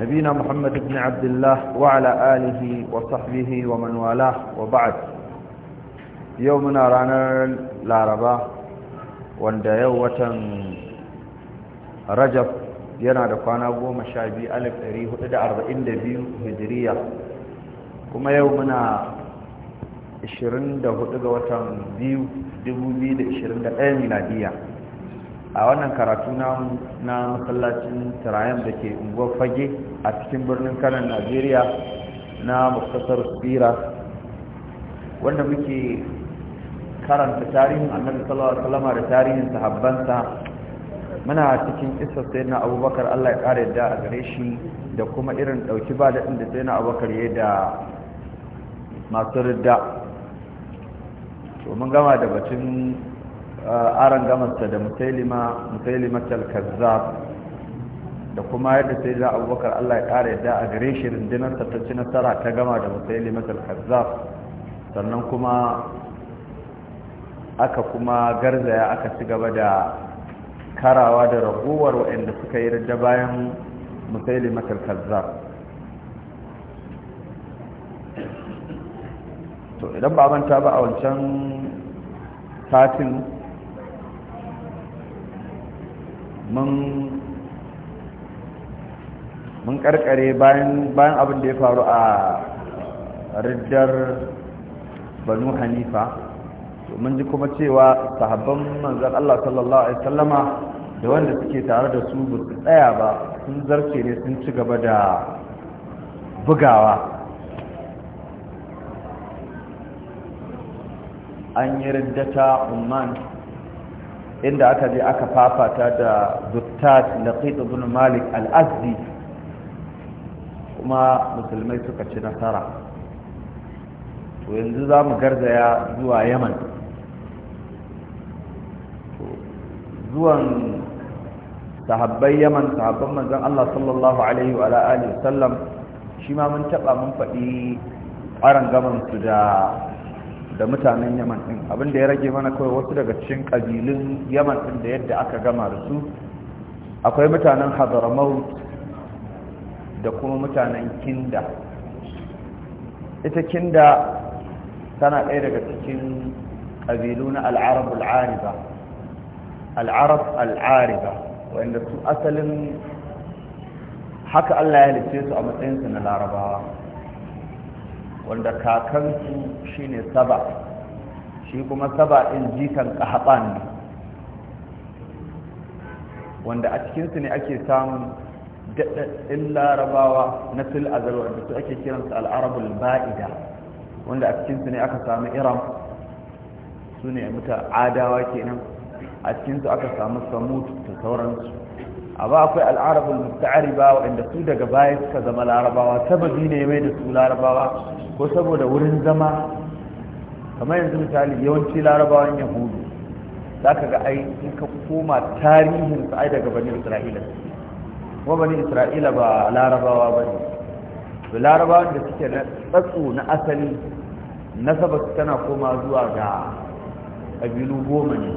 نبينا محمد بن عبد الله وعلى آله وصحبه ومن والاه وبعد يومنا رانا العرباء wanda yau watan rajab yana da kwana goma sha biyu alif ɗari hudu da arba'in da biyu hijiriya kuma yau muna ishirin da hudu ga watan biyu dubu biyu da ishirin da ɗaya miladiya a wannan karatu na masallacin tarayen da ke unguwar fage a cikin birnin kanan najeriya na muktasar tsira wanda muke karanta tarihin annabi sallallahu alaihi da tarihin sahabbansa muna cikin kissar na abubakar Allah ya kare da a gare shi da kuma irin dauki ba daɗin da sai na abubakar ya da masu ridda to mun gama da batun aran gamarsa da musailima musailimatal kazzab da kuma yadda sai da abubakar allah ya ƙara yadda a gare shi rundunarsa ta ci nasara ta gama da musailimatal kazzab sannan kuma aka kuma garzaya aka ci gaba da karawa da raguwar waɗanda suka yi dada bayan musailimatal kazzab to idan ba manta ba a wancan satin mun karkare bayan abin da ya faru a riddar banu hanifa mun ji kuma cewa sahabban manzan Allah sallallahu Alaihi sallama da wanda suke tare da su ba su tsaya ba sun zarce ne sun ci gaba da bugawa an yi riddata umman inda aka je aka fafata da zuttat da ibn malik al-azdi kuma musulmai suka ci nasara to yanzu za mu garzaya zuwa yaman zuwan sahabbai yaman sahabban manzon Allah sallallahu alaihi wa alihi wasallam shi ma mun taba mun faɗi ƙwaran gaban su da da mutanen yaman din abin da ya rage mana kawai wasu daga cikin kabilun yaman din da yadda aka gama da su akwai mutanen hadramaut da kuma mutanen kinda ita kinda tana ɗaya daga cikin ƙabilu na al'arab al'ariba al'arab al'ariba wanda su asalin haka Allah ya lice su a matsayinsu na larabawa wanda kakansu shine saba shi kuma saba ɗin jikan ƙahaɓan ne wanda a cikinsu ne ake samun daɗaɗɗin larabawa na fil azal wanda su ake kiransu al'arabul ba'ida wanda a cikinsu ne aka samu iran su ne mutu adawa kenan a cikinsu aka samu samut da sauransu amma akwai al'arabul musta'ariba wanda su daga baya suka zama larabawa sababi ne mai da su larabawa ko saboda wurin zama kamar yanzu misali yawanci larabawan yahudu za ka ga ai in ka koma tarihin su ai daga bani isra'ila kuma bani isra'ila ba larabawa ba ne larabawan da suke na tsatso na asali nasaba su tana koma zuwa ga ƙabilu goma ne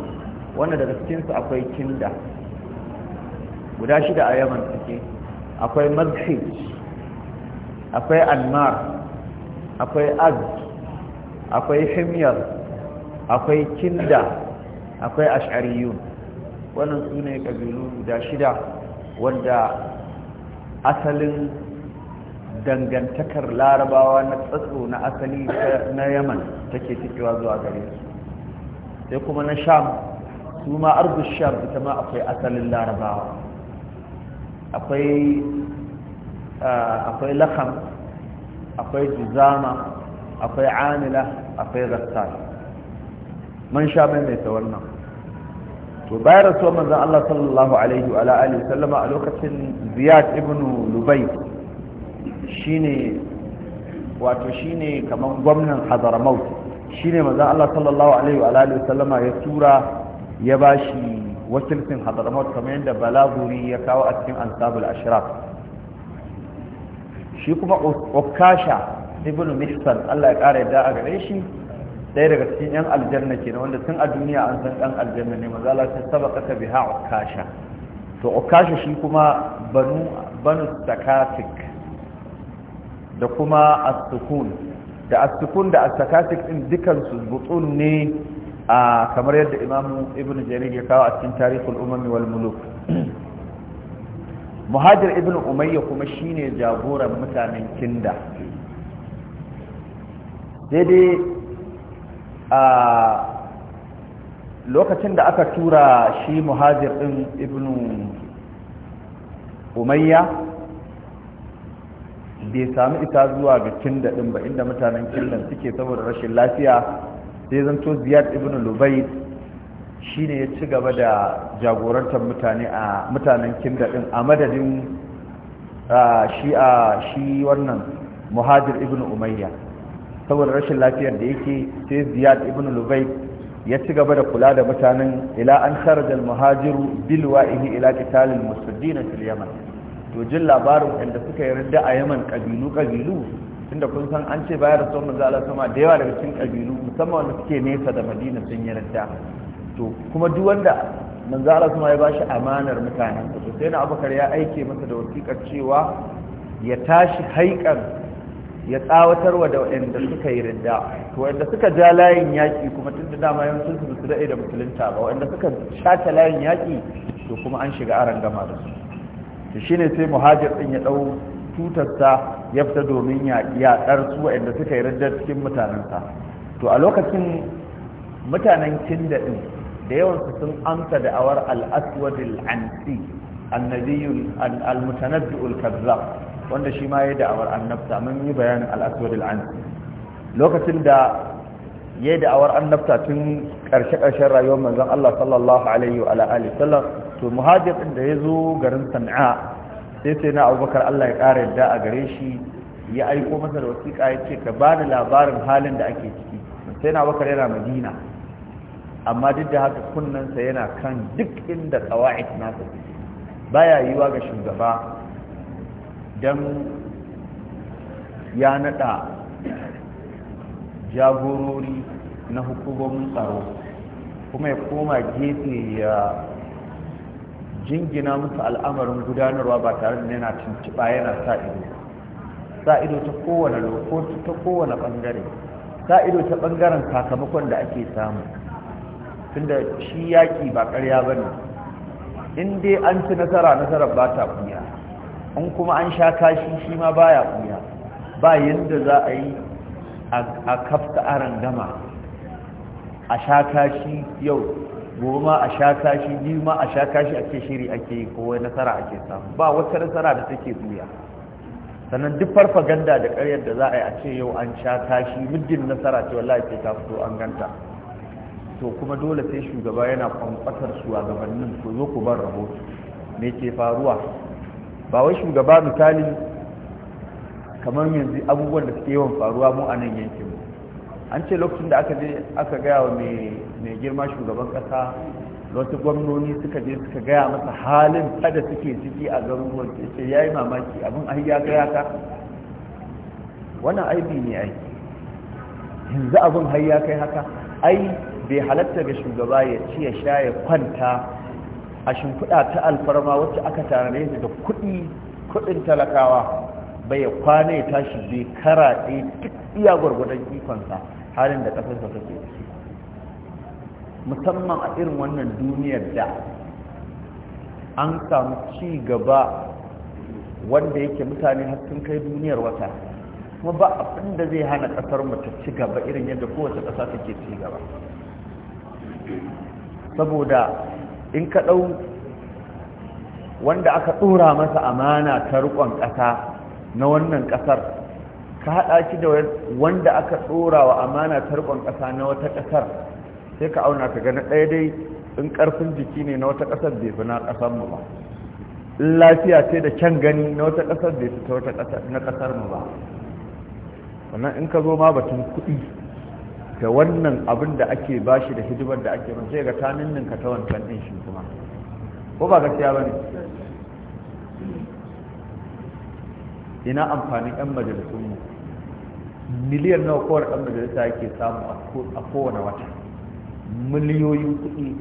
wanda daga cikinsu akwai kinda guda shida a yaman suke akwai mazhij akwai almar akwai az akwai himyar akwai kinda akwai ash'ariyun wannan su ne ƙabilu guda shida wanda asalin dangantakar larabawa na tsatso na asali na yaman take fitowa zuwa gare su sai kuma na sham su ma arzu sham ita ma akwai asalin larabawa akwai akwai lakam akwai juzama akwai amila akwai rattar man sha mai mai ta wannan to bayan rasuwar manzan Allah sallallahu alaihi wa alihi sallama a lokacin ziyad ibn lubai shi ne wato shi ne kaman gwamnan hadramaut shine manzan Allah sallallahu alaihi wa alihi sallama ya tura ya bashi wakilcin hadramot kamar yadda balaguri ya kawo a cikin ansabul ashraf shi kuma okasha ibn mihsan Allah ya kara yadda a gare shi ɗaya daga cikin yan aljanna ke wanda tun a duniya an san ɗan aljanna ne maza Allah ta sabaka ta ha okasha to okasha shi kuma banu banu sakatik da kuma as da as da astakatik ɗin dukansu butsun ne a kamar yadda imamu ibn jarir ya kawo a cikin tarihul umami wal muluk muhajir ibn umayya kuma shine jagoran mutanen kinda daidai a lokacin da aka tura shi muhajir din ibn umayya bai sami ita zuwa ga kinda din ba inda mutanen kindan suke saboda rashin lafiya sai zanto ziyad ibn shi shine ya ci gaba da jagorantar mutane a mutanen kinda din a madadin shi a shi wannan muhajir ibn umayya saboda rashin lafiyar da yake sai ziyad ibn lubai ya ci gaba da kula da mutanen ila an kharaja al-muhajiru bil wa'ihi ila qital al fil yaman to jin labarin inda suka yi rida a yaman kabilu kabilu tunda kun san an ce da sun manzo Allah sama da yawa daga cikin kabilu musamman wanda suke nesa da Madina sun yarda to kuma duk wanda manzo Allah sama ya bashi amanar mutane to sai na Abubakar ya aike masa da wasiƙar cewa ya tashi haikan ya tsawatarwa da waɗanda suka yi ridda to waɗanda suka ja layin yaƙi kuma tun dama yawancin su su daɗe da musulunta ba waɗanda suka shata layin yaƙi to kuma an shiga aran gama da su to shine sai muhajir ɗin ya ɗau tutarsa ya fita domin yaɗar su waɗanda suka yi rajar cikin mutanensa to a lokacin mutanen da ɗin da yawansu sun amsa da awar al'aswadil ansi annabiyul almutanabbi'ul kazzab wanda shi ma ya da awar annabta mun yi bayanin al'aswadil ansi lokacin da ya da awar annabta tun karshe ƙarshen rayuwar manzon Allah sallallahu alaihi wa alihi sallam to muhajir da ya zo garin sana'a sai sai na abubakar allah ya ƙara yadda a gare shi ya aiko masa da wasiƙa ya ce ka ba da labarin halin da ake ciki sai na abubakar yana madina amma duk da haka kunnensa yana kan duk inda kawa'id nasa ba baya yiwa ga shugaba don ya naɗa jagorori na hukumomin tsaro kuma ya koma gefe ya jingina musu al'amarin gudanarwa ba tare da yana tuntuɓa yana sa ido sa ido ta kowane lokaci ta kowane ɓangare sa ido ta ɓangaren sakamakon da ake samu tunda shi yaƙi ba ƙarya ba ne in dai an ci nasara nasarar ba ta kuya in kuma an sha kashi shi ma ba ya kuya ba yadda za a yi a kafta a gama a sha kashi yau gobe ma a sha kashi biyu ma a sha kashi a ce shiri ake yi ko nasara ake samu ba wata nasara da take buya sannan duk farfaganda da karyar da za a yi a ce yau an sha kashi muddin nasara ce wallahi sai ta fito an ganta to kuma dole sai shugaba yana kwamfatar gabanin ko zo ku bar rahoto me ke faruwa ba wai shugaba misali kamar yanzu abubuwan da suke yawan faruwa mu a nan yankin an ce lokacin da aka je aka gaya wa mai mai girma shugaban ƙasa wasu gwamnoni suka je suka gaya masa halin da suke ciki a garuruwan ce ya yi mamaki abin ai ya gaya ka wannan aibi ne ai yanzu abin har ya kai haka ai bai halatta ga shugaba ya ci ya sha ya kwanta a shimfiɗa ta alfarma wacce aka tare ta da kuɗi kuɗin talakawa bai ya kwana ya tashi bai karaɗe duk iya gwargwadon ikonsa halin da ƙasarsa take ciki musamman a irin wannan duniyar da an samu ci gaba wanda yake mutane har sun kai duniyar wata kuma ba abin da zai hana kasar mu ta ci gaba irin yadda kowace kasa take ci gaba saboda in ka ɗau wanda aka ɗora masa amana ta ƙasa na wannan ƙasar ka haɗa shi da wanda aka ɗora wa amana ta rikon ƙasa na wata ƙasar sai ka auna ka gani ɗaya dai in ƙarfin jiki ne na wata ƙasar bai fi na ƙasar mu ba in lafiya ce da kyan gani na wata ƙasar bai fi ta wata na ƙasar mu ba sannan in ka zo ma batun kuɗi ga wannan abin da ake shi da hidimar da ake mace ga tanin ninka ta wancan ɗin shi kuma ko ba gaskiya ba ne ina amfanin 'yan majalisunmu miliyan nawa kowar ɗan majalisa yake samu a kowane wata miliyoyin kuɗi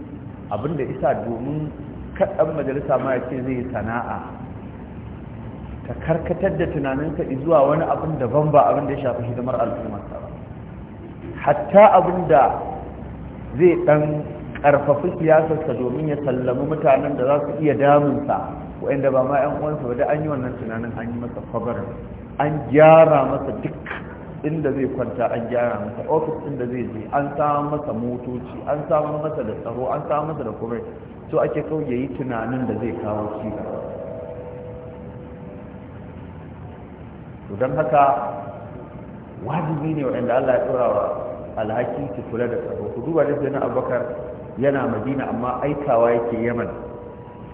abinda isa domin kaɗan majalisa ma ya ce zai sana'a ka karkatar da tunaninka zuwa wani abin daban ba abin da ya shafi hidimar ta ba hatta abin da zai ɗan ƙarfafi siyasarsa domin ya sallami mutanen da za su iya damunsa waɗanda ba ma 'yan uwansa ba da an yi wannan tunanin an yi masa kwabar an gyara masa duk inda zai kwanta an gyara masa ofis inda zai je an samu masa motoci an samu masa da tsaro an samu masa da kuma so ake kawai yayi tunanin da zai kawo ci don haka wajibi ne wanda Allah ya tsora wa alhaki su kula da tsaro ku duba da na abubakar yana madina amma aikawa yake yaman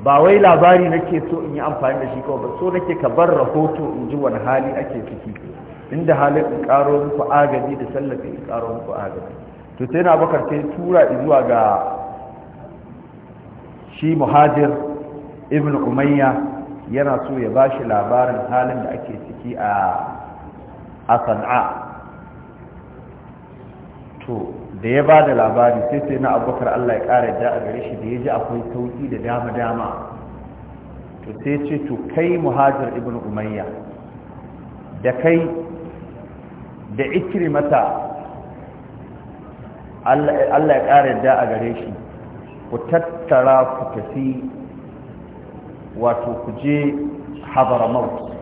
ba wai labari nake so in yi amfani da shi kawai ba so nake ka bar rahoto in ji wani hali ake ciki inda halin in karo muku agaji da tallafi in karo muku agaji to sai na bakar sai tura zuwa ga shi muhajir ibn umayya yana so ya ba shi labarin halin da ake ciki a san'a to da ya ba da labari sai sai na abubakar allah ya kara da a gare shi da ya ji akwai sauki da dama-dama to sai ce to kai muhajir ibn umayya da kai da mata, Allah ya ƙara da a gare shi ku tattara ku tafi wato ku je hadramaut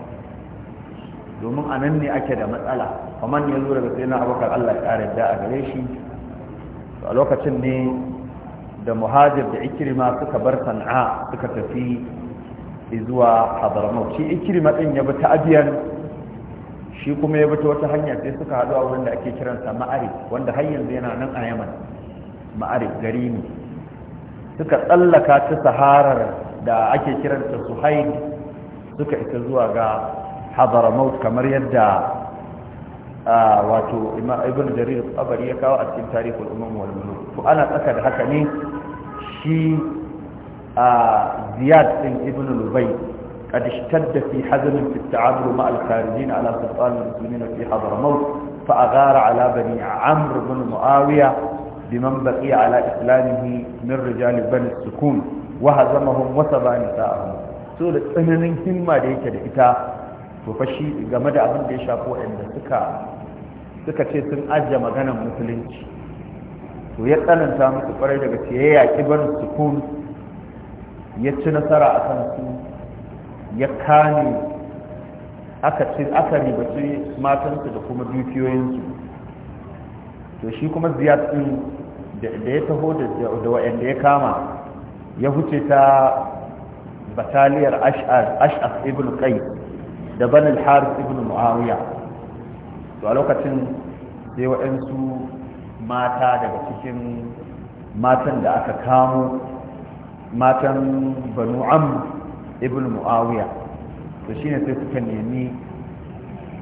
domin a nan ne ake da matsala kamar ya zo daga sayyidina abubakar Allah ya ƙara da a gare shi a lokacin ne da muhajir da ma suka bar sana'a suka tafi zuwa hadramaut shi ikirma din ya bi ta abiyan shi kuma ya bata wata hanya sai suka haɗu a wurin da ake kiransa ma'ari, wanda har yanzu yana nan a yaman ma'ari gari ne suka tsallaka ta saharar da ake kiranta suhaid suka isa zuwa ga hadaramaut kamar yadda wato ibn jarir tsabari ya kawo a cikin tarihul umar wal to ana tsaka da haka ne shi ziyad din ibn lubai قد اشتد في حزم في التعامل مع الخارجين على سلطان المسلمين في حضرموت فأغار على بني عمرو بن معاوية بمن بقي على إسلامه من رجال بني السكون وهزمهم وسبى نساءهم سورة أنني همة ديك ديكتا وفشي جمد أبن دي شافو عند سكا سكا تيسن أجا مغانا مسلنج ويتنن تامس فريدة بسيئة كبن السكون يتنسر أسان سكون ya kane aka ce aka ribaci matansu da kuma dukiyoyinsu to shi kuma ziyad din da ya taho da wa'anda ya kama ya huce ta bataliyar ash'af ibn qais da banin haris ibn muawiya to a lokacin sai wa'ansu mata daga cikin matan da aka kamo matan banu amr ibn muawiya to shine sai suka nemi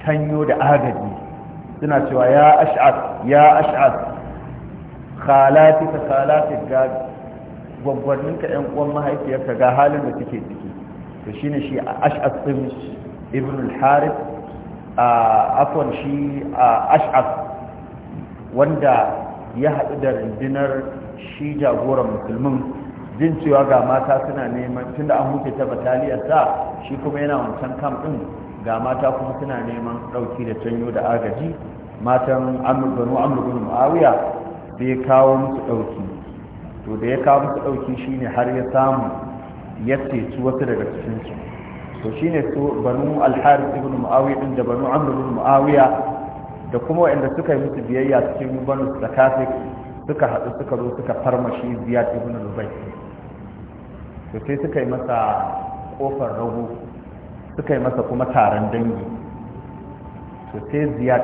tanyo da agaji suna cewa ya ash'ar ya ash'ar khalati ka khalati ga gwaggwannin ka yan uwan mahaifiyarka ga halin da suke ciki to shine shi ash'ar din ibn al-harith afwan shi ash'ar wanda ya haɗu da rundunar shi jagoran musulmin jin cewa ga mata suna neman tunda an huce ta bataliyar sa shi kuma yana wancan kam din ga mata kuma suna neman dauki da canyo da agaji matan amur banu amur bin muawiya sai kawo musu dauki to da ya kawo musu dauki shine har ya samu ya ceci wasu daga cikin su to shine su banu al-harith ibn muawiya din da banu amr ibn muawiya da kuma waɗanda suka yi musu biyayya cikin banu zakafik suka haɗu suka zo suka farmashi ziyad ibn rubai to sai suka yi masa kofar rago suka yi masa kuma taron dangi to sai ziyad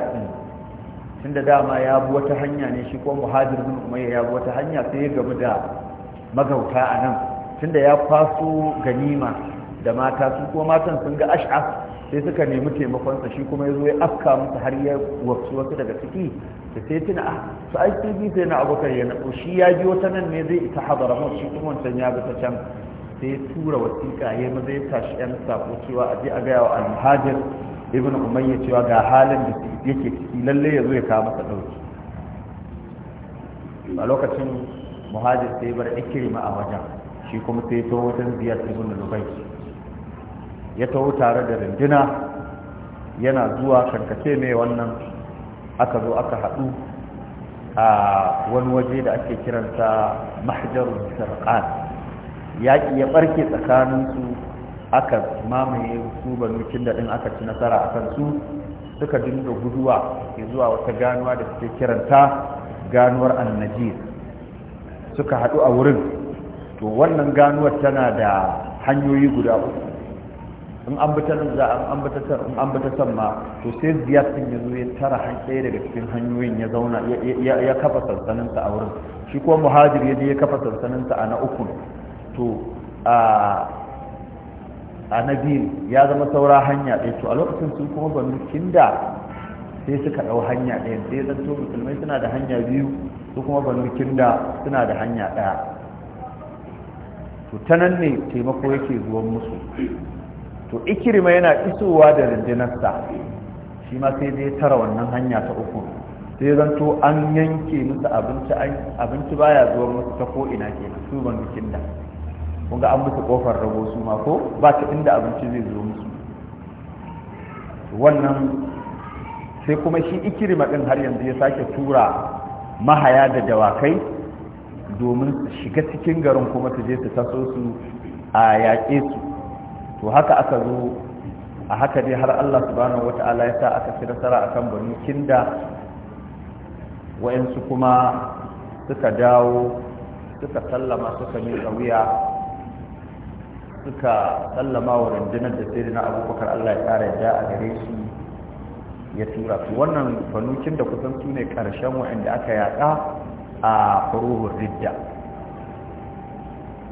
tun da dama ya bi wata hanya ne shi ko muhajir bin umayya ya bi wata hanya sai ya gabu da magauta a nan tunda ya faso ganima da mata su ko matan sun ga ash'a sai suka nemi taimakonsa shi kuma ya zo ya afka musu har ya wasu wasu daga ciki da sai tuna a ah, su aiki sun bi sai na abokan ya shi ya ji wata nan ne zai ita hadara mu shi kuma wancan ya bi ta can sai ya tura wasiƙa ya maza ya tashi yan sako cewa a je a gaya wa alhajar ibn umayya cewa ga halin da yake ciki lalle ya zo ya kawo masa ɗauki a lokacin muhajir sai bar ikirma a wajen shi kuma sai ta wajen ziyar ibn lubai ya taho tare da rinduna yana zuwa karkace mai wannan aka zo aka haɗu a wani waje da ake kiransa mahjarun sarqan yaƙi ya ɓarke tsakaninsu aka mamaye su banu da ɗin aka ci nasara a kansu suka dinga guduwa ke zuwa wata ganuwa da suke kiranta ganuwar annajir suka haɗu a wurin to wannan ganuwar tana da hanyoyi guda uku in an bata nan za an in an bi san ma to sai ziyar sun yazo ya tara han ɗaya daga cikin hanyoyin ya zauna ya kafa sansaninsa a wurin shi ko muhajir ya je ya kafa sansaninsa a na uku to a biyu ya zama saura hanya ɗaya to a lokacin sun kuma mulkin da sai suka ɗau hanya ɗaya sai to musulmai suna da hanya biyu su kuma mulkin da suna da hanya ɗaya to ta ne taimako yake zuwan musu to ikirima yana isowa da rundunarsa shi ma sai zai tara wannan hanya ta uku sai to an yanke musu abinci baya zuwan musu ta ko'ina ke su ban da kun ga an musu kofar rabo su ma ko ba ta inda abinci zai zo musu wannan sai kuma shi ikirma ɗin har yanzu ya sake tura mahaya da dawakai domin shiga cikin garin kuma su je su taso su a yaƙe su to haka aka zo a haka dai har Allah subhanahu Ta'ala ya sa aka fi nasara a akan bani kinda wayansu kuma suka dawo suka sallama suka yi tsawiya suka sallama wa rundunar da sai na abubakar allah ya kara yadda a gare shi ya tura su wannan fanucin da kusan su ne karshen waɗanda aka yaƙa a huruhun ridda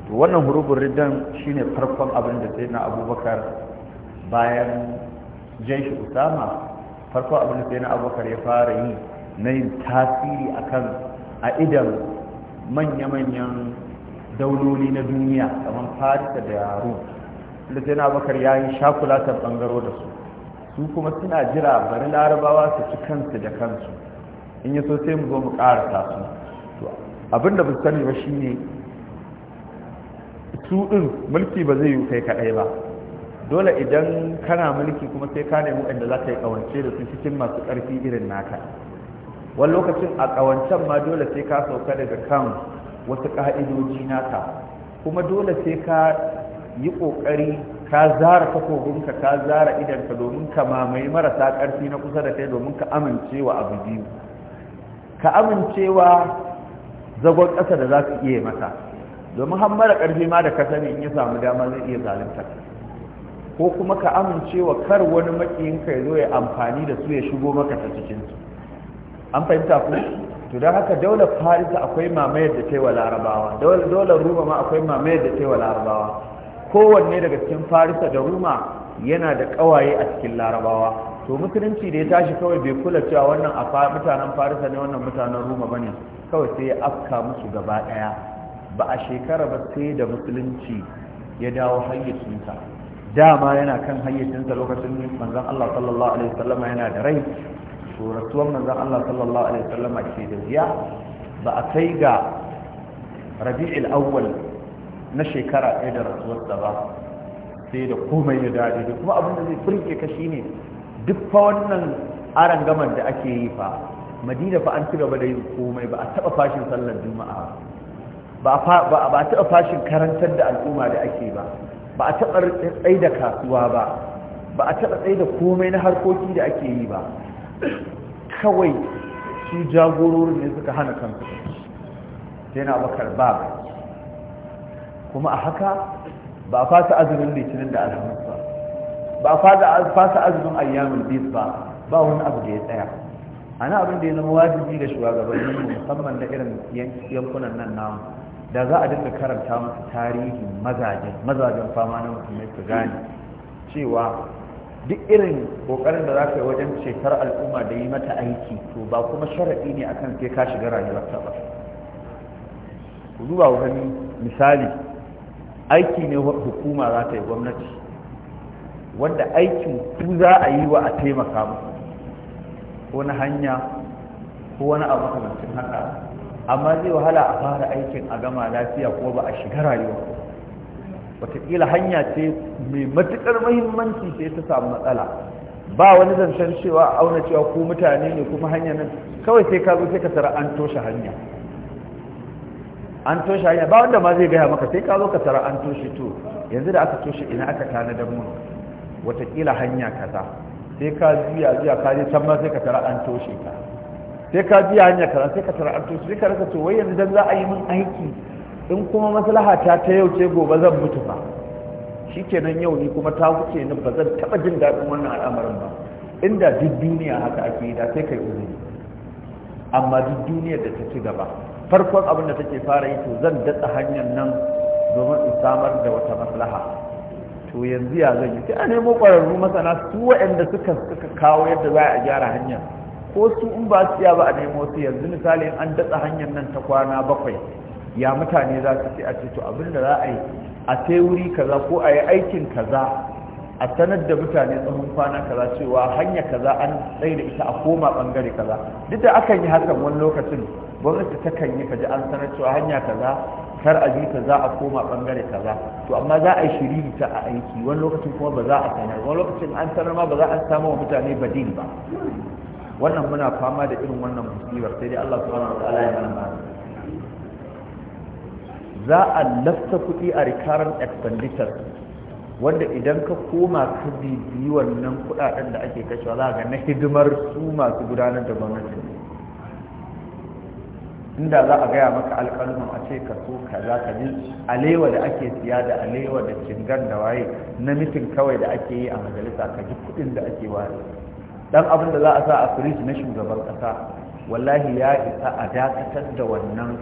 to wannan huruhun riddan ne farkon abin da sai na abubakar bayan shi usama Farkon abin da sai na abubakar ya fara yi na yin tasiri akan a idan manya-manyan dauloli na duniya kamar farisa da yaro lajina bakar ya yi shakulatar bangaro da su su kuma suna jira bari larabawa su ci kansu da kansu in yi so sai mu zo mu karasa su abin da sani ba shine su ɗin mulki ba zai yi kai kaɗai ba dole idan kana mulki kuma sai ka nemi inda za ka yi ƙawance da su cikin masu ƙarfi irin naka wani lokacin a ƙawancen ma dole sai ka sauka daga kan wasu ƙa'idoji naka kuma dole sai ka yi ƙoƙari ka zara kafofinka ka zara idanka domin ka mamaye marasa ƙarfi na kusa da kai domin ka amincewa abu biyu ka amincewa zagon ƙasa da za su iya mata domin har mara ƙarfi ma da ka sani in ya samu dama zai iya zalunta ko kuma ka amincewa kar wani maƙiyinka ya zo ya amfani da su ya shigo maka ta su an fahimta ku to don haka daular farisa akwai mamayar da ta yi wa larabawa daular ruma ma akwai mamayar da ta yi wa larabawa kowanne daga cikin farisa da ruma yana da kawaye a cikin larabawa to musulunci da ya tashi kawai bai kula cewa wannan a mutanen farisa ne wannan mutanen ruma bane kawai sai ya afka musu gaba daya ba a shekara ba sai da musulunci ya dawo hayyacinsa dama yana kan hayyacinsa lokacin manzon Allah sallallahu alaihi wasallam yana da rai to rasuwar manzon Allah sallallahu alaihi wasallam ke da ziya ba a kai ga Rabi'il awwal na shekara ɗaya da rasuwarsa ba sai da komai ya dade da kuma abin da zai burge ka shine duk fa wannan aran gaman da ake yi fa madina fa an ci gaba da yin komai ba a taba fashin sallar juma'a ba ba a taba fashin karantar da al'umma da ake ba ba a taba tsaida kasuwa ba ba a taba tsaida komai na harkoki da ake yi ba kawai su jagororin ne suka hana kansu sai na bakar ba kuma a haka ba a fasa azumin litinin da alhamis ba ba a fasa azumin ayyamin bis ba ba wani abu da ya tsaya ana abin da ya zama wajibi da shugabannin musamman da irin yankunan nan namu da za a dinga karanta musu tarihin mazajen fama na mutum su gane cewa duk irin kokarin da za ka yi wajen cetar al'umma da yi mata aiki to ba kuma sharaɗi ne akan sai ka shiga rayuwarta ba ku duba wani misali aiki ne hukuma za ta yi gwamnati wanda aikin ku za a yi wa a taimaka mu ko na hanya ko wani abu kamancin haka amma zai wahala a fara aikin a gama lafiya ko ba a shiga rayuwa wataƙila hanya ce mai matuƙar mahimmanci sai ta samu matsala ba wani zancen cewa auna cewa ku mutane ne kuma hanya nan kawai sai ka zo sai ka tara an toshe hanya an toshe hanya ba wanda ma zai gaya maka sai ka zo ka tara an toshe to yanzu da aka toshe ina aka tana da mu watakila hanya kaza sai ka juya juya ka je can ma sai ka tara an toshe ka sai ka juya hanya kaza sai ka tara an toshe sai ka rasa to wai yanzu dan za a yi min aiki in kuma maslaha ta ta yau ce gobe zan mutu ba shi kenan yau ni kuma ta wuce ni ba zan taɓa jin daɗin wannan al'amarin ba inda duk duniya haka ake yi da sai kai uzuri amma duk duniyar da ta ci gaba farkon abin da take fara yi to zan datsa hanyar nan domin in samar da wata maslaha to yanzu ya zan yi sai a nemo ƙwararru masana su waɗanda suka suka kawo yadda za a gyara hanyar ko su in ba su iya ba a nemo su yanzu misali an datsa hanyar nan ta kwana bakwai ya mutane za su ce a ce to abinda za a yi a sai wuri kaza ko a yi aikin kaza a sanar da mutane tsohon kwana kaza cewa hanya kaza an tsaye da ita a koma bangare kaza duk da akan yi hakan wani lokacin gwamnati ta kan yi kaji an sanar cewa hanya kaza kar a ta za a koma bangare kaza to amma za a yi shiriri ta a aiki wani lokacin kuma ba za a sanar wani lokacin an sanar ma ba za a samu wa mutane badin ba wannan muna fama da irin wannan musibar sai dai Allah subhanahu wa ta'ala ya mana za a lafta kuɗi a recurrent expenditure wanda idan ka koma ka bibiyi wannan kuɗaɗen da ake kashewa za ga na hidimar su masu gudanar da gwamnati inda za a gaya maka alƙalman a ce ka so ka za ka ji alewa da ake siya da alewa da cingan da waye na mitin kawai da ake yi a majalisa ka ji kuɗin da ake ware dan abin da za a sa a firiji na shugaban ƙasa wallahi ya isa a dakatar da wannan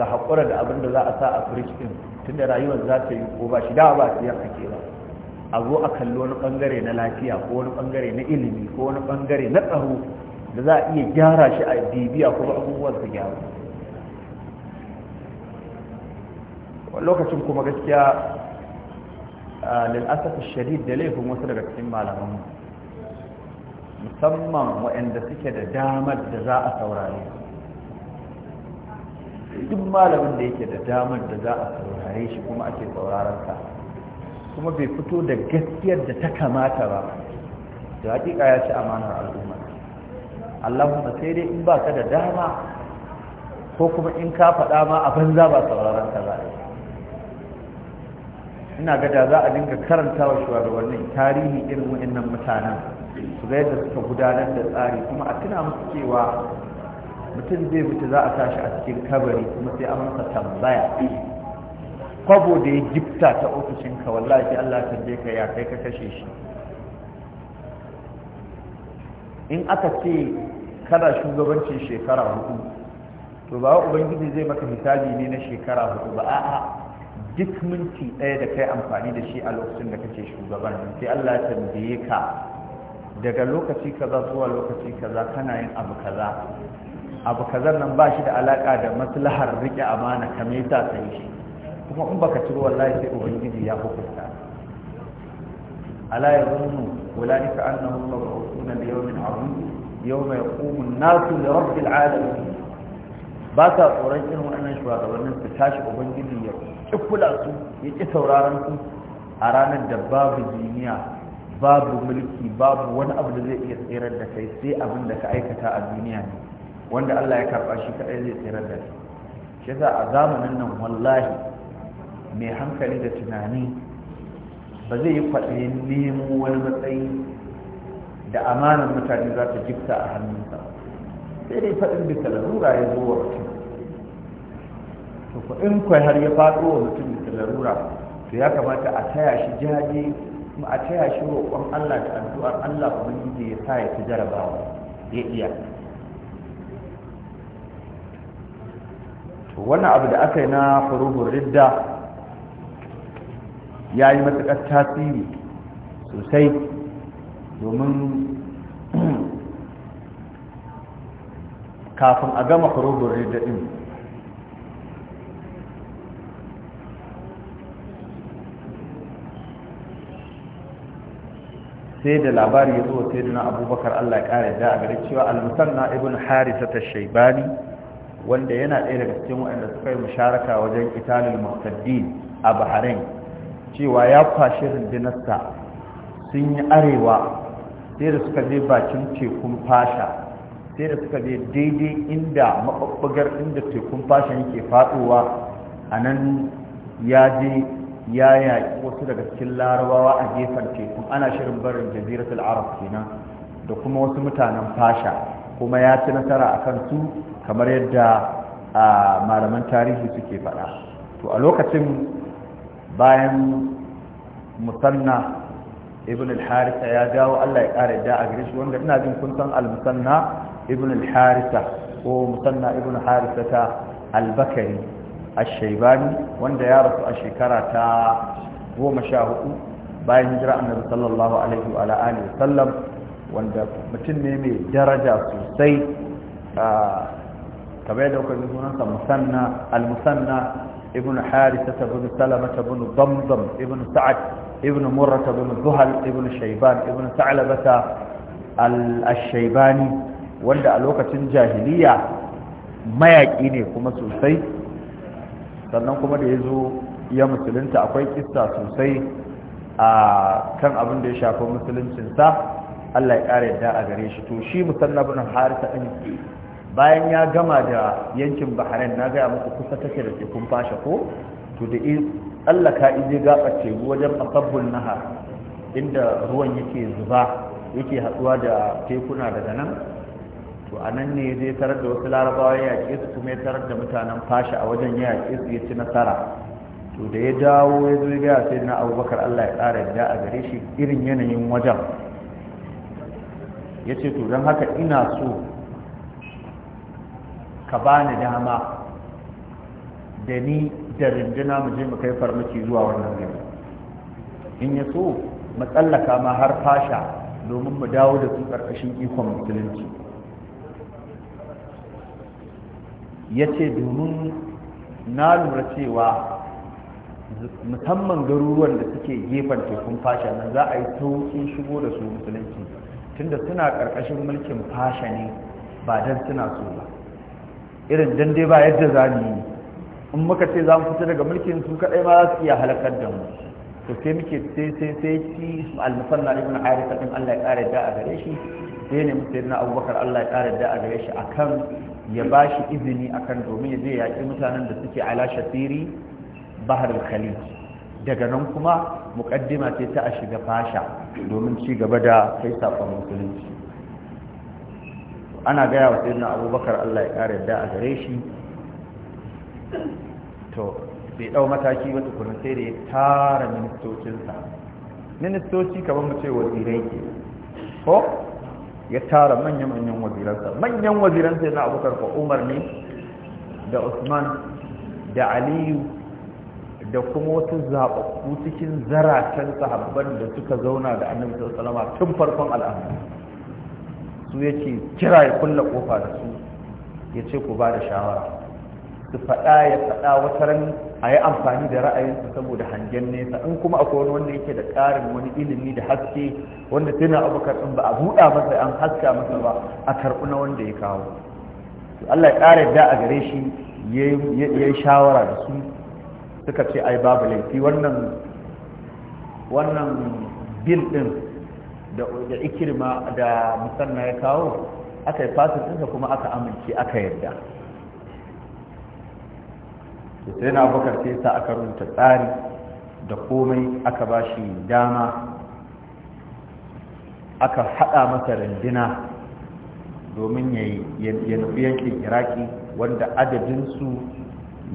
ta haƙura da abin da za a sa a ɗin, tun da rayuwar za ta yi ko ba shi da ba yi kake ba a zo a kalli wani ɓangare na lafiya ko wani ɓangare na ilimi ko wani ɓangare na tsaro da za a iya gyara shi a bibiya ko ba abubuwan su gyara lokacin kuma gaskiya lil'asafin shadid da laifin wasu daga cikin malaman musamman waɗanda suke da damar da za a saurare su duk malamin da yake da damar da za a saurare shi kuma ake saurarensa kuma bai fito da gaskiyar da ta kamata ba da hakika ya ci amanar al'umma allahumma sai dai in baka da dama ko kuma in ka faɗa ma a banza ba sauraron ta ba. ina ga da za a dinga karanta wa shugabannin tarihi irin wa'annan mutanen su ga yadda suka gudanar da tsari kuma a tuna musu cewa mutum zai mutu za a tashi a cikin kabari kuma sai an masa tambaya kwabo da ya gifta ta ofishinka wallahi Allah je ka ya kai ka kashe shi in aka ce kana shugabancin shekara hudu to ba ubangiji zai maka misali ne na shekara hudu ba a'a duk minti ɗaya da kai amfani da shi a lokacin da kake shugaban sai Allah ya tambaye ka daga lokaci kaza zuwa lokaci kaza kana yin abu kaza abu kazar nan ba shi da alaka da maslahar rike amana kame ta sai shi kuma in baka ciro wallahi sai ubangiji ya hukunta ala yazunnu ulaika annahum mab'uthuna li yawmin 'azim yawma yaqumu an-nasu li rabbil 'alamin ba ta tsoron irin wannan shugabannin su tashi ubangiji ya kula su ya ki sauraron su a ranar da babu jiniya babu mulki babu wani abu da zai iya tsirar da kai sai abin da ka aikata a duniya ne wanda Allah ya karɓa shi kaɗai zai tsirar da shi shi yasa a zamanin nan wallahi mai hankali da tunani ba zai yi kwaɗayin nemo wani matsayi da amanar mutane za ta jifta a hannunsa sai dai faɗin bisa larura ya zo wa mutum to in kwai har ya faɗo wa mutum bisa larura to ya kamata a taya shi jaje kuma a taya shi roƙon Allah da addu'ar Allah ubangiji ya sa ya ta jarabawa ya iya wannan abu da aka yi na furuhun ridda ya yi matuƙar tasiri sosai domin kafin a gama furuhun ridda ɗin sai da labari ya zo sai da na abubakar allah ya ƙara da a gari cewa almusanna ibn harisa ta shaibani wanda yana ɗaya daga cikin waɗanda suka yi musharaka wajen italin mustaddin a bahrain cewa ya kwashe rundunarsa sun yi arewa sai da suka je bakin tekun fasha sai da suka je daidai inda maɓaɓɓagar inda tekun fasha yake faɗowa a nan ya je ya yaƙi wasu daga cikin larabawa a gefen tekun ana shirin barin jaziratul arab kenan da kuma wasu mutanen fasha kuma ya ci nasara a kansu kamar yadda a malaman tarihi suke faɗa to a lokacin bayan musanna ibn al-harisa ya dawo Allah ya ƙara da a gare shi wanda ina jin kun san al-musanna ibn al-harisa ko musanna ibn harisa ta al-bakari al-shaybani wanda ya rasu a shekara ta 14 bayan hijira annabi sallallahu alaihi wa alihi wanda mutum ne mai daraja sosai kamar yadda kuka ji sunansa musanna al-musanna ibn harisa ibn salama ibn damdam ibn sa'ad ibn murra ibn zuhal ibn shayban ibn sa'labata al-shaybani wanda a lokacin jahiliya mayaki ne kuma sosai sannan kuma da ya zo ya musulunta akwai kista sosai a kan abin da ya shafi musuluncinsa Allah ya ƙara yadda a gare shi to shi musannabin harisa ɗin bayan ya gama da yankin bahrain na gaya muku kusa take da tekun fasha ko to da Allah ka ije gaɓar wajen asabbul nahar inda ruwan yake zuba yake haɗuwa da tekuna daga nan to a nan ne zai tarar da wasu larabawa ya yaƙe su kuma ya tarar da mutanen fasha a wajen ya yaƙe su ya ci nasara to da ya dawo ya zo ya sai na abubakar allah ya ƙara yadda a gare shi irin yanayin wajen ya ce to don haka ina so ka bani dama da ni da rinduna mu je mu kai farmaki zuwa wannan gari in ya so mu tsallaka ma har fasha domin mu dawo da su ƙarƙashin ikon musulunci ya ce domin na lura cewa musamman garuruwan da suke gefen tekun fasha nan za a yi sauƙin shigo da su musulunci tunda suna ƙarƙashin mulkin fasha ne ba don suna so ba irin dande ba yadda za mu yi in muka ce za mu fita daga mulkin su kadai ma za su iya halakar da mu to sai muke sai sai sai ci al-musanna ibn harith din Allah ya kare da a gare shi sai ne na abubakar Allah ya kare da a gare shi akan ya ba shi izini akan domin ya je yaƙi mutanen da suke ala shafiri bahar al daga nan kuma muqaddima ce ta a shiga fasha domin ci gaba da kai sakon musulunci ana gaya wa sayyidina abubakar Allah ya kare da a gare shi to bai dau mataki ba tukunan sai da ya tara ministocinsa ministoci kamar mu ce wazirai ke ko ya tara manyan-manyan waziransa manyan waziransa yana abubakar ko umar ne da usman da aliyu da kuma wasu zaɓaɓɓu cikin zaratan sahabban da suka zauna da annabi sallama tun farkon al'amari su yake kira ya kulla kofa da su ya ce ku ba da shawara su faɗa ya faɗa wata ran a yi amfani da ra'ayinsu saboda hangen nesa in kuma akwai wani wanda yake da ƙarin wani ilimi da haske wanda tana abokan ɗin ba a buɗa masa an haska masa ba a karɓi na wanda ya kawo Allah ya ƙara yadda a gare shi ya yi shawara da su suka ce ai babu laifi wannan wannan bil ɗin da ikirma da musanna ya kawo aka yi fasin ɗinsa kuma aka amince aka yarda sai na bakar sai sa aka rubuta tsari da komai aka ba shi dama aka haɗa masa rindina domin ya nufi yankin iraki wanda adadinsu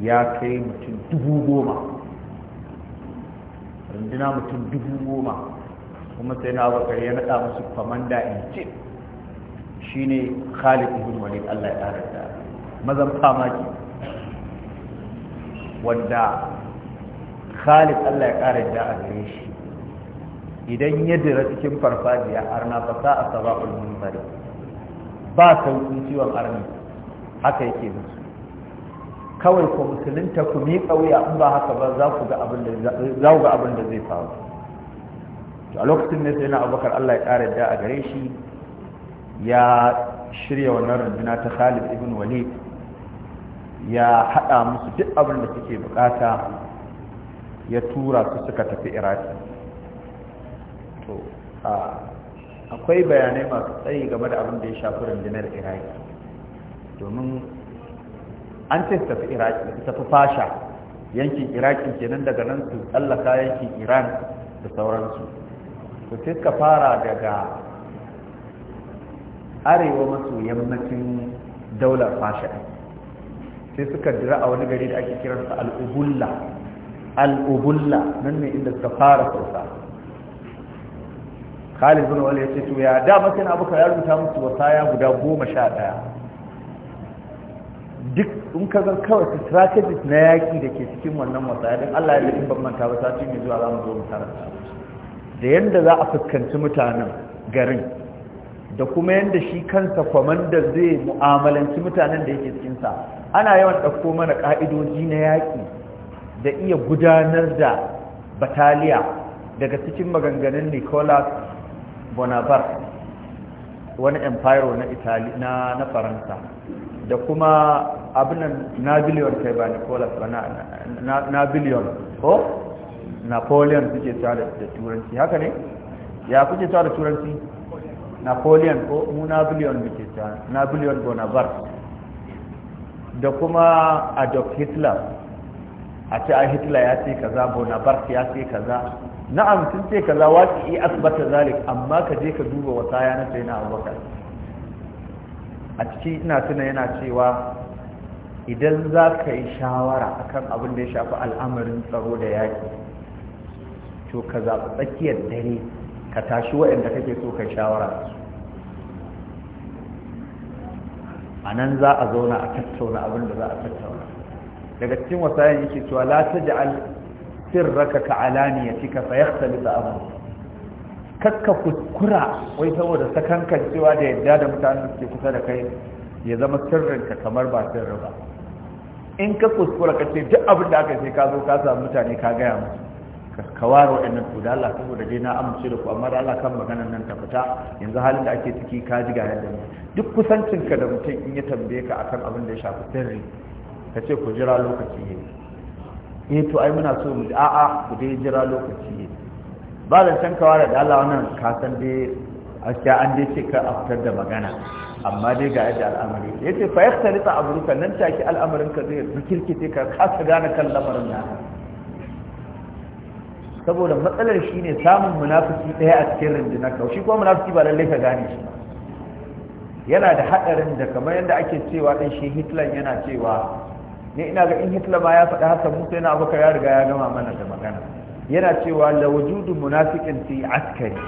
ya kai mutum dubu goma Rindina mutum dubu goma kuma sai na bakar ya naɗa musu kwamanda in ce shi ne khalid ibn walid allah ya ƙara da mazan famaki wanda khalid allah ya ƙara da a gare shi idan ya dira cikin farfajiya arna fasa a sababul munzari ba yi ciwon arni haka yake musu kawai ku musulunta ku miƙa wuya in ba haka ba za ku ga abin da zai faru to a lokacin ne sai na abubakar allah ya ƙara da a gare shi ya shirya wannan runduna ta khalid ibn walid ya haɗa musu duk abin da suke bukata ya tura su suka tafi iraki to akwai bayanai masu tsayi game da abin da ya shafi rundunar iraki domin an ce su tafi iraki su tafi fasha yankin iraki kenan daga nan su tsallaka yankin iran da sauransu to ce ka fara daga arewa maso yammacin daular fashe sai suka jira a wani gari da ake kiransa al'ubulla al'ubulla nan ne inda suka fara sauka khalid bin wali ya ce to ya da sai na abuka ya rubuta musu wasaya guda goma sha ɗaya duk in ka zan kawai strategist na yaki da ke cikin wannan wasaya don allah ya yi in ban manta ba sati mai zuwa za mu zo mu da yadda za a fuskanci mutanen garin da kuma yadda shi kansa kwamanda zai mu'amalanci mutanen da yake cikinsa ana yawan ɗauko mana ƙa'idoji na yaƙi da iya gudanar da bataliya daga cikin maganganun nicolas bonaparte wani empire na itali na, faransa da kuma abinan nabiliyon kai ba nicolas ba na, na, ko napoleon suke cewa da turanci haka ne ya kuke cewa da turanci napoleon ko mu napoleon muke cewa napoleon bonaparte da kuma adolf hitler a ce ai hitler ya ce kaza bonaparte ya ce kaza na'am sun ce kaza waki yi asibata zalik amma ka je ka duba wata na sai na abubakar a ciki ina tuna yana cewa idan za ka yi shawara akan abin da ya shafi al'amarin tsaro da yaƙi to ka zaɓi tsakiyar dare ka tashi waɗanda kake so ka shawara a nan za a zauna a tattauna abin da za a tattauna daga cikin wasayen yake cewa la ta ja'al sirraka ka ci, ka alaniyatika fa yakhtalifu amru kakka kuskura wai saboda sakankan cewa da yadda da mutanen suke kusa da kai ya zama sirrinka kamar ba sirri ba in ka kuskura ka ce duk abin da aka ce ka zo ka samu mutane ka gaya musu ka ware waɗannan to da Allah da dai na amince da ku amma da Allah kan maganar nan ta fita yanzu halin da ake ciki ka ji ga yadda ne duk kusancinka da mutum in ya tambaye ka akan abin da ya shafi sirri ka ce ku jira lokaci ne eh to ai muna so mu a'a ku dai jira lokaci ne ba da san ka ware da Allah wannan ka san dai aske an dai ce ka aftar da magana amma dai ga yadda al'amari ya ce fa yaktalita abruka nan take al'amarin ka zai rikirkite ka kasa gane kan lamarin naka saboda matsalar shi ne samun munafuki ɗaya a cikin rundunar kaushi shi kuma munafuki ba lallai ka gane shi yana da haɗarin da kamar yadda ake cewa ɗan shi hitler yana cewa ne ina ga in hitler ma ya faɗi haka musa yana abokan ya riga ya gama mana da magana yana cewa la wujudu munafiqin fi askari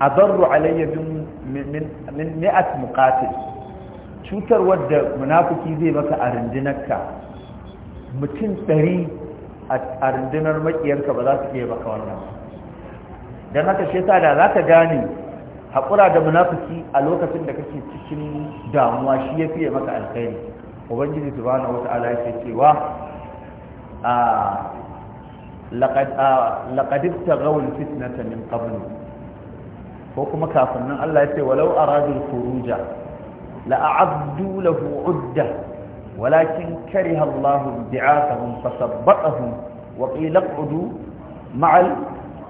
adarru alayya min min mi'at muqatil cutar wadda munafiki zai baka a rundunarka mutum ɗari a rundunar maƙiyarka ba za su iya baka wannan don haka shi yasa da za ka gane haƙura da munafuki a lokacin da kake cikin damuwa shi ya fiye maka alkhairi ubangiji wata ala yake cewa a laqad laqad tagawul fitnata min qabl ko kuma kafin nan Allah ya ce walau a rajin kuruja la lahu walakin kariha Allahu bi'athahum fasabbatahum wa qila qudu ma'al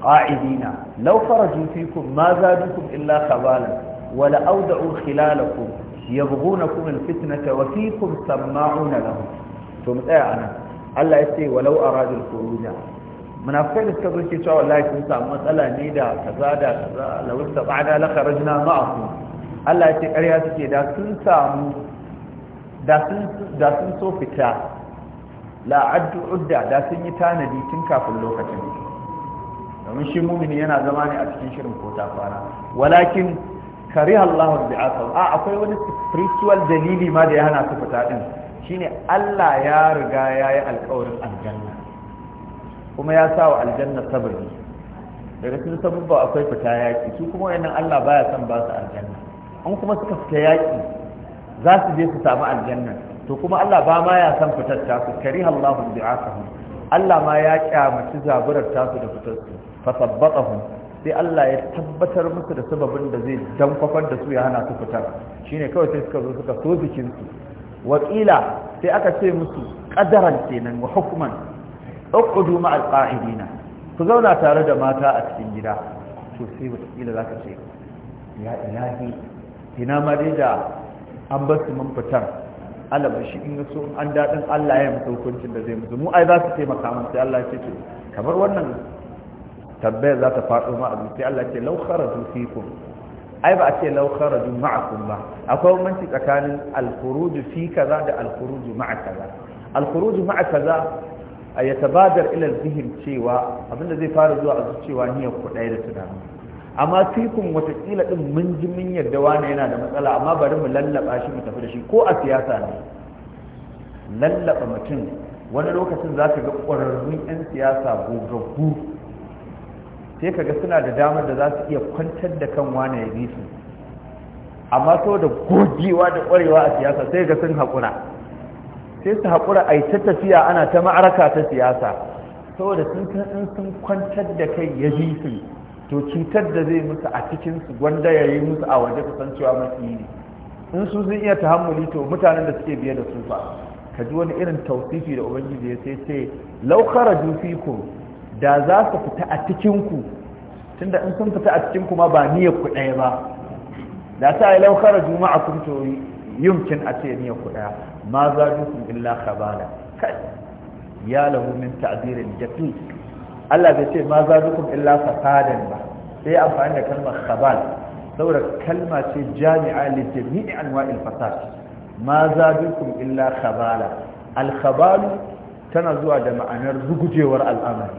qa'idina law faraju fikum ma zadukum illa khabala wa la awda'u khilalakum yabghunakum al-fitnata wa fikum sama'una lahum to mu tsaya anan Allah ya ce walau aradul khuruja munafikai da suka zo cewa wallahi sun samu matsala ne da kaza da kaza ta ba'da Allah ya suke da sun samu da sun so fita la'addu udda da sun yi tanadi tun kafin lokacin domin shi mumini yana zama ne a cikin shirin ko ta fara walakin kari Allah bi asal a akwai wani spiritual dalili ma da ya hana su fita din shine Allah ya riga ya yi alƙawarin aljanna kuma ya sa wa aljanna sabari daga cikin sabubba akwai fita yaki su kuma wayannan Allah baya son ba su aljanna an kuma suka fita yaƙi za su je su samu aljanna to kuma Allah ba ma ya san fitar ta su kari Allahu Allah ma ya kyamaci zaburar ta su da fitar su fa sabbatahum sai Allah ya tabbatar musu da sababin da zai dankwafar da su ya hana su fitar shine kawai sai suka zo suka so jikin su wakila sai aka ce musu qadaran kenan wa hukman uqdu ma alqa'idina ku zauna tare da mata a cikin gida to sai zaka ce ya ilahi ina ma dai da an ba su mun fitar alaba shi in so an daɗin Allah ya musu hukuncin da zai musu mu ai za su taimaka mun sai Allah ya ce kamar wannan tabbaya za ta faɗo ma abu sai Allah ya ce law kharaju fikum ai ba a ce law kharaju ma'akum ba akwai bambanci tsakanin al-khuruj fi kaza da al-khuruj ma'a kaza al-khuruj ma'a kaza a yatabadar ila zihin cewa abinda zai fara zuwa a zuciya niyyar ku ɗaya da tunani amma fikun wataƙila ɗin mun ji mun yarda wani yana da matsala amma bari mu lallaba shi mu tafi da shi ko a siyasa ne lallaba mutum wani lokacin za ka ga ƙwararrun 'yan siyasa gogaggu sai ka ga suna da damar da za su iya kwantar da kan wani ya bi su amma saboda gogewa da ƙwarewa a siyasa sai ga sun haƙura sai su haƙura a yi ta tafiya ana ta ma'araka ta siyasa saboda sun san in sun kwantar da kai ya bi su to cutar da zai musu a cikinsu gwanda ya yi musu a waje kasancewa masu ne in su sun iya tahammuli to mutanen da suke biye da su fa ka ji wani irin tausifi da ubangiji ya sai ce laukara jufi ku da za su fita a cikinku tunda in sun fita a cikinku ma ba niyyar ku ɗaya ba da ta yi laukara juma'a kun to yumkin a ce niyyar ku ɗaya ma za dukun illa kabala kai ya lahu min ta'zirin jafi Allah bai ce ma za zukum illa fasadan ba sai amfani da kalmar khabal saboda kalma ce jami'a li jami'i anwa'il fasad ma za zukum illa khabala al khabal tana zuwa da ma'anar rugujewar al'amari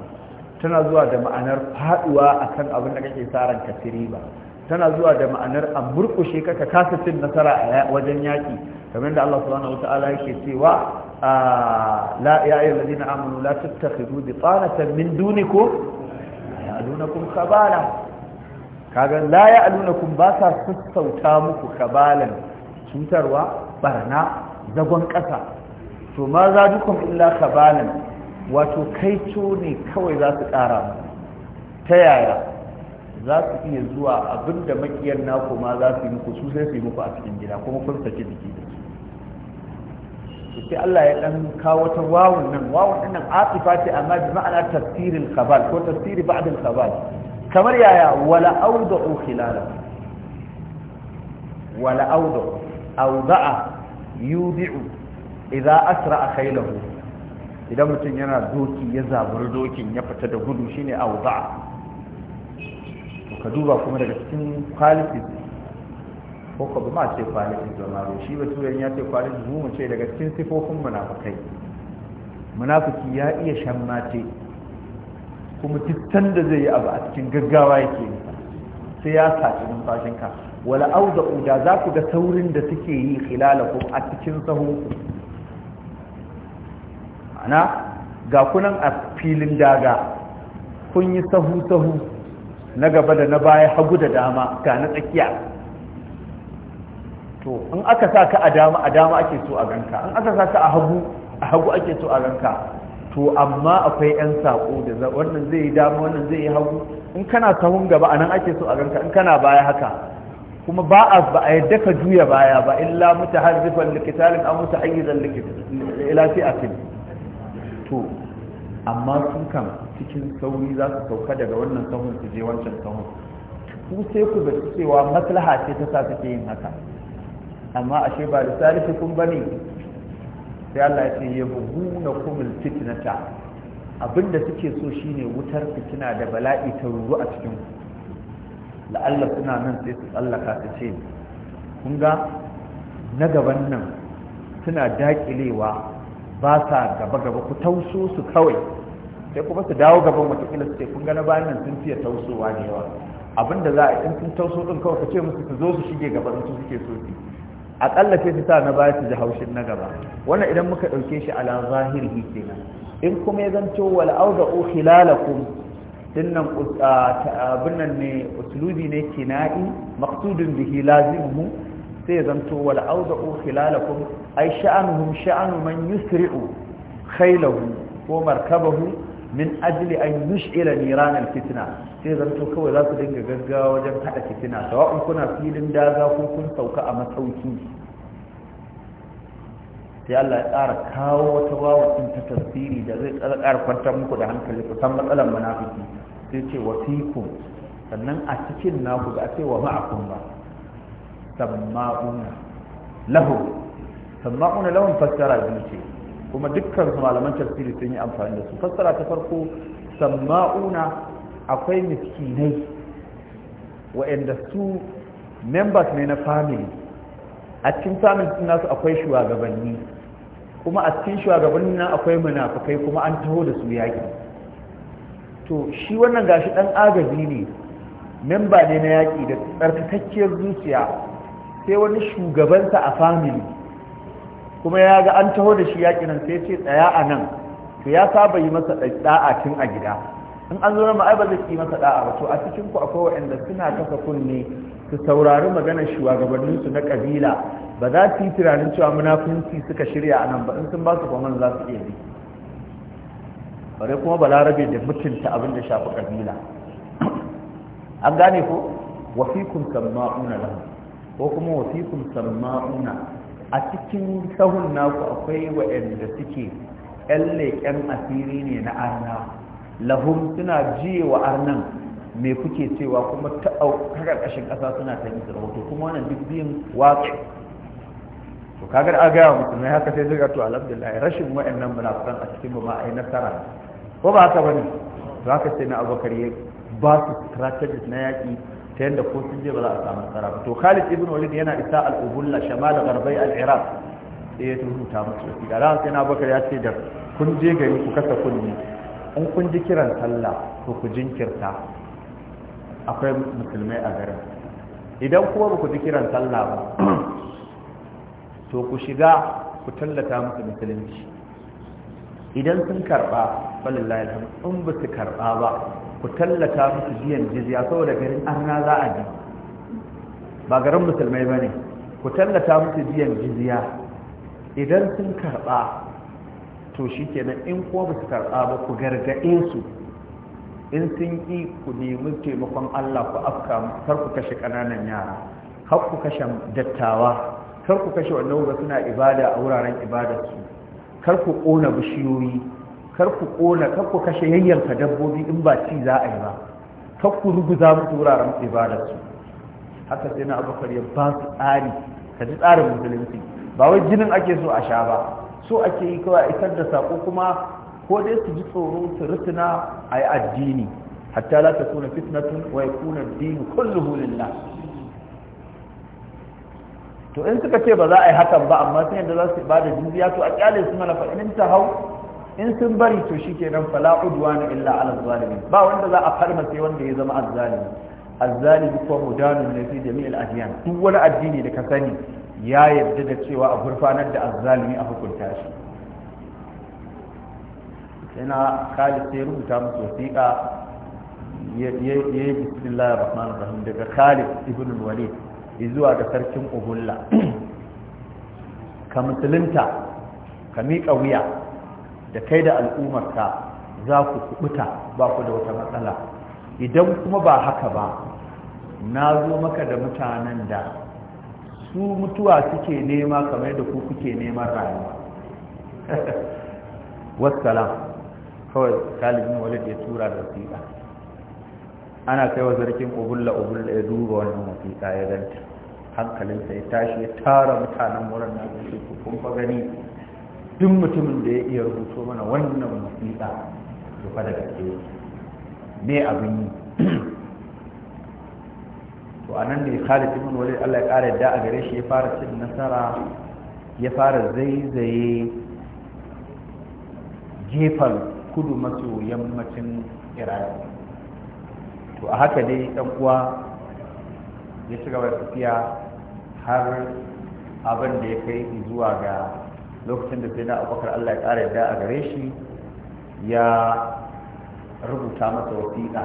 tana zuwa da ma'anar faduwa akan abin da kake sa ranka ba tana zuwa da ma'anar a murkushe ka ka kasa cin nasara a wajen yaki kamar da Allah subhanahu wataala yake cewa لا يا أيها الذين آمنوا لا تتخذوا بطانة من دونكم يألونكم خبالا كاغا لا يألونكم باسا muku خبالا cutarwa, برنا zagon قسا to ma za dukum illa kabalan wato kaico ne kawai za su ƙara ta yaya za su iya zuwa abinda makiyar naku ma za su yi muku su sai su yi muku a cikin gida kuma kun saki jiki da to sai Allah ya dan kawo ta wawun nan wawun din nan atifa ce amma bi ma'ana tafsiril khabal ko tafsiri ba'dil khabal kamar yaya wala awda'u khilala wala awda'u awda'a yudi'u idza asra khaylahu idan mutum yana doki ya zabar dokin ya fita da gudu shine awda'a to ka duba kuma daga cikin qualities ko ko ba ma ce kwalifin jama'a shi ba turai ya ce kwalifin mu mu ce daga cikin sifofin munafikai munafiki ya iya shan mate kuma titan da zai yi abu a cikin gaggawa yake yi sai ya saci numfashin ka wala auda uda za ku ga saurin da suke yi ko a cikin sahu ana ga kunan a filin daga kun yi sahu sahu na gaba da na baya hagu da dama ga na tsakiya to in aka sa ka a dama a dama ake so a ganka in aka sa ka a hagu a hagu ake so a ganka to amma akwai yan sako da wannan zai yi dama wannan zai yi hagu in kana sahun gaba a nan ake so a ganka in kana baya haka kuma ba a ba a yadda ka juya baya ba illa harzifan likitalin an mutaayyizan a fi'atin to amma sun kan cikin sauri za su sauka daga wannan sahun su je wancan sahun ku sai ku ga cewa maslaha ce ta sa take yin haka amma ashe ba da salisu kun bane sai Allah ya ce ya bugu na kumul fitnata abinda suke so shine wutar fitina da bala'i ta ruru a cikin la'alla suna nan sai su tsallaka su ce kun ga na gaban nan suna dakilewa ba sa gaba-gaba ku tauso su kawai sai kuma su dawo gaban watakila su ce kun ga na bayan nan sun fiye tausowa da yawa abinda za a in sun tauso din kawai ka ce musu su zo su shige gaban su suke so su akalla sai su sa na baya su ji haushin na gaba wannan idan muka ɗauke shi ala zahiri kenan in kuma ya zanto wal auda u khilalakum dinnan abinnan ne uslubi ne kina'i maqsudun bihi lazimuhu sai ya zanto wal auda u khilalakum ay sha'anuhum sha'anu man yusri'u khaylahu ko markabahu min ajli an yush'ila niran al fitna sai zanto kawai za su dinga gaggawa wajen haɗa fitina sawa'un kuna filin daga ko kun sauka a matsauki sai Allah ya ƙara kawo wata wawakin ta tasiri da zai ƙara kwantar muku da hankali ku san matsalar munafiki sai ce wa fikum sannan a cikin naku ga ce wa ma'akum ba samma'una lahu samma'una lahum fassara biyu ce kuma dukkan malaman tafsiri sun yi amfani da su fassara ta farko samma'una akwai miskinai wa'anda su members ne na family a cikin family suna su akwai shugabanni kuma a cikin shugabanni na akwai munafukai kuma an taho da su yaƙi. to shi wannan gashi ɗan agaji ne memba ne na yaƙi da tsarkakakkiyar zuciya sai wani shugabansa a family kuma ya ga an taho da shi yaƙi nan sai ce tsaya a nan to ya saba yi masa ɗa'a tun a gida in an zo rama ai ba zai yi masa da'a ba to a cikin ku akwai waɗanda suna kasa kunne su saurari maganar shugabannin su na kabila ba za su yi tunanin cewa munafunci suka shirya a nan ba in sun ba su kwanan za su iya bare kuma balarabe da mutunta abin da shafi kabila an gane ko wafikun sama'una lahu ko kuma wafikun sama'una a cikin sahun naku akwai waɗanda suke ƴan leƙen asiri ne na arnawa lahum suna jiye wa arnan me kuke cewa kuma ta karkashin ƙasa suna ta yi rahoto kuma wannan duk biyun waƙi to kagar a gaya mutum mai haka sai zai to alhamdulillah rashin wa'annan munafikan a cikin ba a yi nasara ko ba haka bane to haka sai na abokar ya ba su strategies na yaƙi ta yadda ko sun je ba za a samu nasara ba to Khalid ibn Walid yana isa al-Ubulla shamal gharbai al-Iraq sai eh, ya rubuta musu da da sai na abokar ya ce da kun je gari ku kasa kunni in kun ji kiran sallah to ku jinkirta akwai musulmai a garin idan kuma ba ku ji kiran sallah ba to ku shiga ku tallata musu musulunci idan sun karba falillahi alhamdu in ba su karba ba ku tallata musu biyan jizya saboda garin arna za a ji ba garin musulmai ba ne ku tallata musu biyan jizya idan sun karba to shi kenan in ko ba su karɓa ba ku gargaɗe su in sun ƙi ku nemi taimakon allah ku afka kar ku kashe ƙananan yara har ku kashe dattawa kar ku kashe wanda ba suna ibada a wuraren ibadarsu kar ku ƙona bishiyoyi kar ku ƙona kar ku kashe yayyanka dabbobi in ba ci za a yi ba kar ku ruguza musu wuraren ibadarsu haka sai na abubakar ya ba su tsari ka ji tsarin musulunci ba wai jinin ake so a sha ba so ake yi kawai a isar da sako kuma ko dai su ji tsoro su rusuna a yi addini hatta za ta kuna fitnatun wa ya kuna dini kullu lillah to in suka ce ba za a yi hakan ba amma sun yadda za su ba da jizya to a kyale su mana fa'in ta hau in sun bari to shikenan fala udwana illa ala zalimin ba wanda za a farma sai wanda ya zama azzalimi azzalimi ko mudanun ne fi jami'il adyan duk wani addini da ka sani ya yarda da cewa a gurfanar da azzalimi a hukunta shi yana kali khalid sai rubuta musu wasiƙa ya yi bismillah rahman rahim daga khalid ibn walid zuwa ga sarkin ubulla ka musulunta ka miƙa wuya da kai da al'ummarka za ku kubuta ba ku da wata matsala idan kuma ba haka ba na zo maka da mutanen da su mutuwa suke nema kamar da ku kuke neman rayuwa wassalam kawai talibin walid ya tura da wasiƙa ana kai wa zarkin ubulla ubulla ya duba wannan wasiƙa ya ganta hankalinsa ya tashi ya tara mutanen wurin na su kun fa gani duk mutumin da ya iya rubuto mana wannan wasiƙa to fa daga ke me abin yi to anan ne Khalid ibn Walid Allah ya kare da a gare shi ya fara cin nasara ya fara zaizaye gefen kudu maso yammacin Iraq to a haka dai dan uwa ya ci gaba da tafiya har abin da ya kai zuwa ga lokacin da sai na abubakar allah ya ƙara yadda a gare shi ya rubuta masa wasiƙa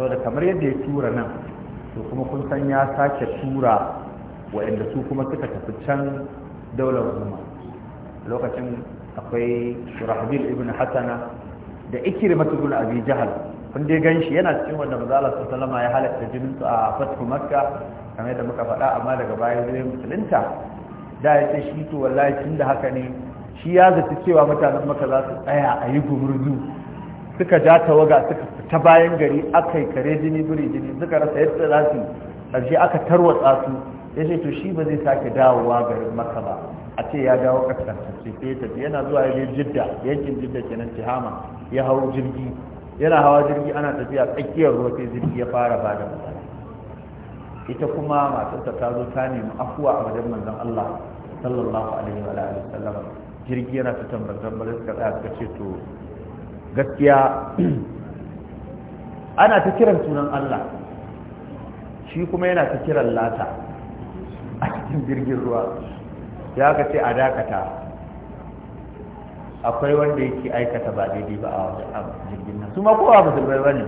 Saboda kamar yadda ya tura nan to kuma kun san ya sake tura waɗanda su kuma suka tafi can daular zuma lokacin akwai shurahbil ibn hasana da ikirma ibn abi jahal kun dai ganshi yana cikin wanda manzo Allah ya halatta jinin su a fatu makka kamar yadda muka faɗa amma daga baya zai musulunta da ya ce shi to wallahi tunda haka ne shi ya zata cewa mutanen maka za su tsaya a yi gumurzu suka ja tawaga suka ta bayan gari aka yi kare jini biri jini suka rasa yadda za su ƙarshe aka tarwatsa su ya ce to shi ba zai sake dawowa garin maka ba a ce ya dawo ƙasar sai ya tafi yana zuwa ya jidda yankin jidda kenan tihama ya hau jirgi yana hawa jirgi ana tafiya tsakiyar ruwa sai jirgi ya fara ba da matsala ita kuma matarsa ta zo ta nemi afuwa a wajen manzon Allah sallallahu alaihi wa alihi sallam jirgi yana ta tambar tambar suka tsaya suka ce to gaskiya ana ta kiran sunan Allah shi kuma yana ta kiran lata a cikin jirgin ruwa ya ka ce a dakata akwai wanda yake aikata ba daidai ba a jirgin nan su ma kowa musulmai ba ne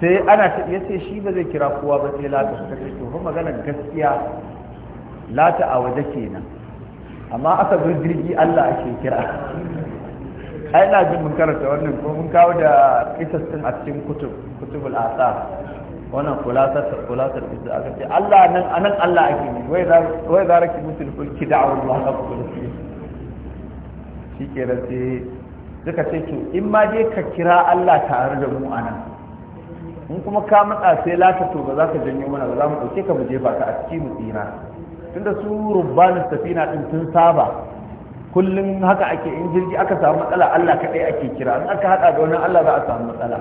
sai ana ta iya ce shi ba zai kira kowa ba sai lata su ce to fa magana gaskiya lata a waje kenan amma aka zo jirgi Allah ake kira ai ina jin mun karanta wannan ko mun kawo da kisas sun a cikin kutub kutubul asa wannan kulasar kulasar kisas aka ce Allah nan anan Allah ake ne wai za wai ki raki musul kulki da'u Allah ka Shi ke da sai suka ce to in ma dai ka kira Allah tare da mu anan in kuma ka matsa sai lata to ba za ka janyo mana ba za mu dauke ka mu je ba ka a cikin mu tsira tunda su rubbanin safina din sun saba kullum haka ake in jirgi aka samu matsala Allah kaɗai ake kira in aka haɗa da wani Allah za a samu matsala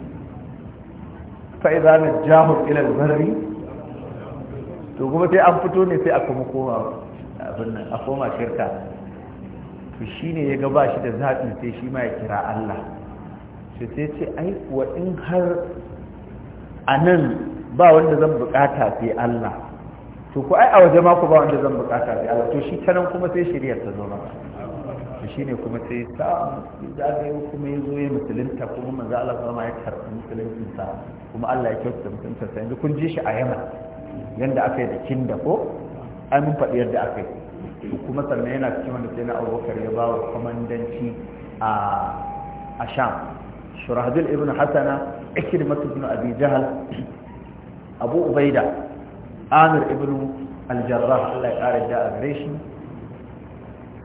fa'iza na jahun ilal barri to kuma sai an fito ne sai a kuma koma abin nan a koma shirka to shine ya ga ba shi da zaɓi sai shi ma ya kira Allah sai sai ce ai kuwa in har a nan ba wanda zan bukata sai Allah to ku ai a waje ma ku ba wanda zan bukata sai Allah to shi ta nan kuma sai shiriyar ta zo maka to shine kuma sai ta zagaye kuma ya zo ya musulunta kuma manzo Allah kuma ya karɓi musuluncin sa kuma Allah ya kyautata musulunta sa yanzu kun ji shi a Yaman yanda aka yi da kinda ko ai mun faɗi yadda aka yi to kuma sannan yana cikin wanda sai na Abubakar ya ba wa komandanci a a Sham Shurahdul ibn Hasana Ikrimatu ibn Abi Jahl Abu Ubaida amir ibn aljarrah Allah ya kare da gare shi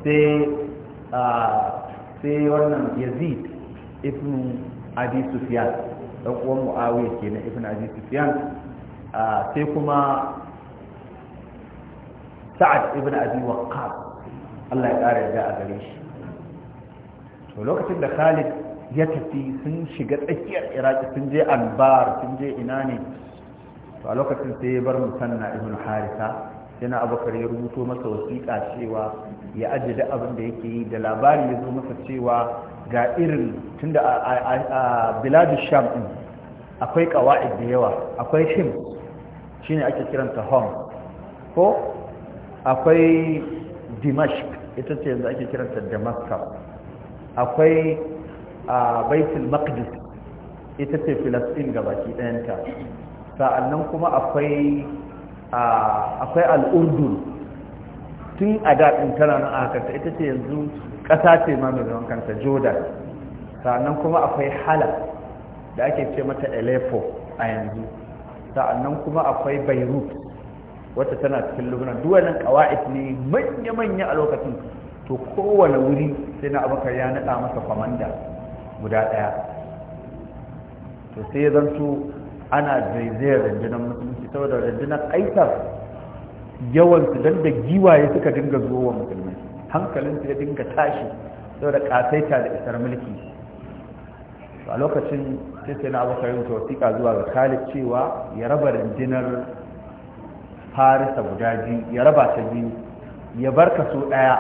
sai sai wannan yazid ibn abi sufyan dan uwan muawiya kenan ibn abi sufyan sai kuma sa'ad ibn abi waqqas Allah ya kare da gare shi to lokacin da Khalid ya tafi sun shiga tsakiyar Iraki sun je Anbar sun je ina ne to a lokacin sai ya bar musanna ibn harisa yana abubakar ya rubuto masa wasiƙa cewa ya ajiye da abin da yake yi da labari ya zo masa cewa ga irin tunda a biladu sham din akwai kawa'id da yawa akwai shim shine ake kiranta hom ko akwai dimashq ita ce yanzu ake kiranta damascus akwai baitul maqdis ita ce filastin gabaki ɗayanta sa'annan kuma akwai akwai al'urdun tun a daɗin tana nan a kanta ita ce yanzu ƙasa ce ma mai zaman kanta jordan sa'annan kuma akwai hala da ake ce mata aleppo a yanzu sa'annan kuma akwai beirut wata tana cikin lubnan duwannan kawa'id ne manya-manya a lokacin to kowane wuri sai na abokan ya naɗa masa kwamanda guda ɗaya to sai ya zanto ana zaizayar rundunar musulunci saboda rundunar aisar yawansu, su dan da giwaye suka dinga zuwa musulmai hankalinsu ya dinga tashi saboda kasaita da isar mulki a lokacin sai sai na abokan yin zuwa ga khalid cewa ya raba rundunar farisa guda biyu ya raba ta biyu ya bar kaso ɗaya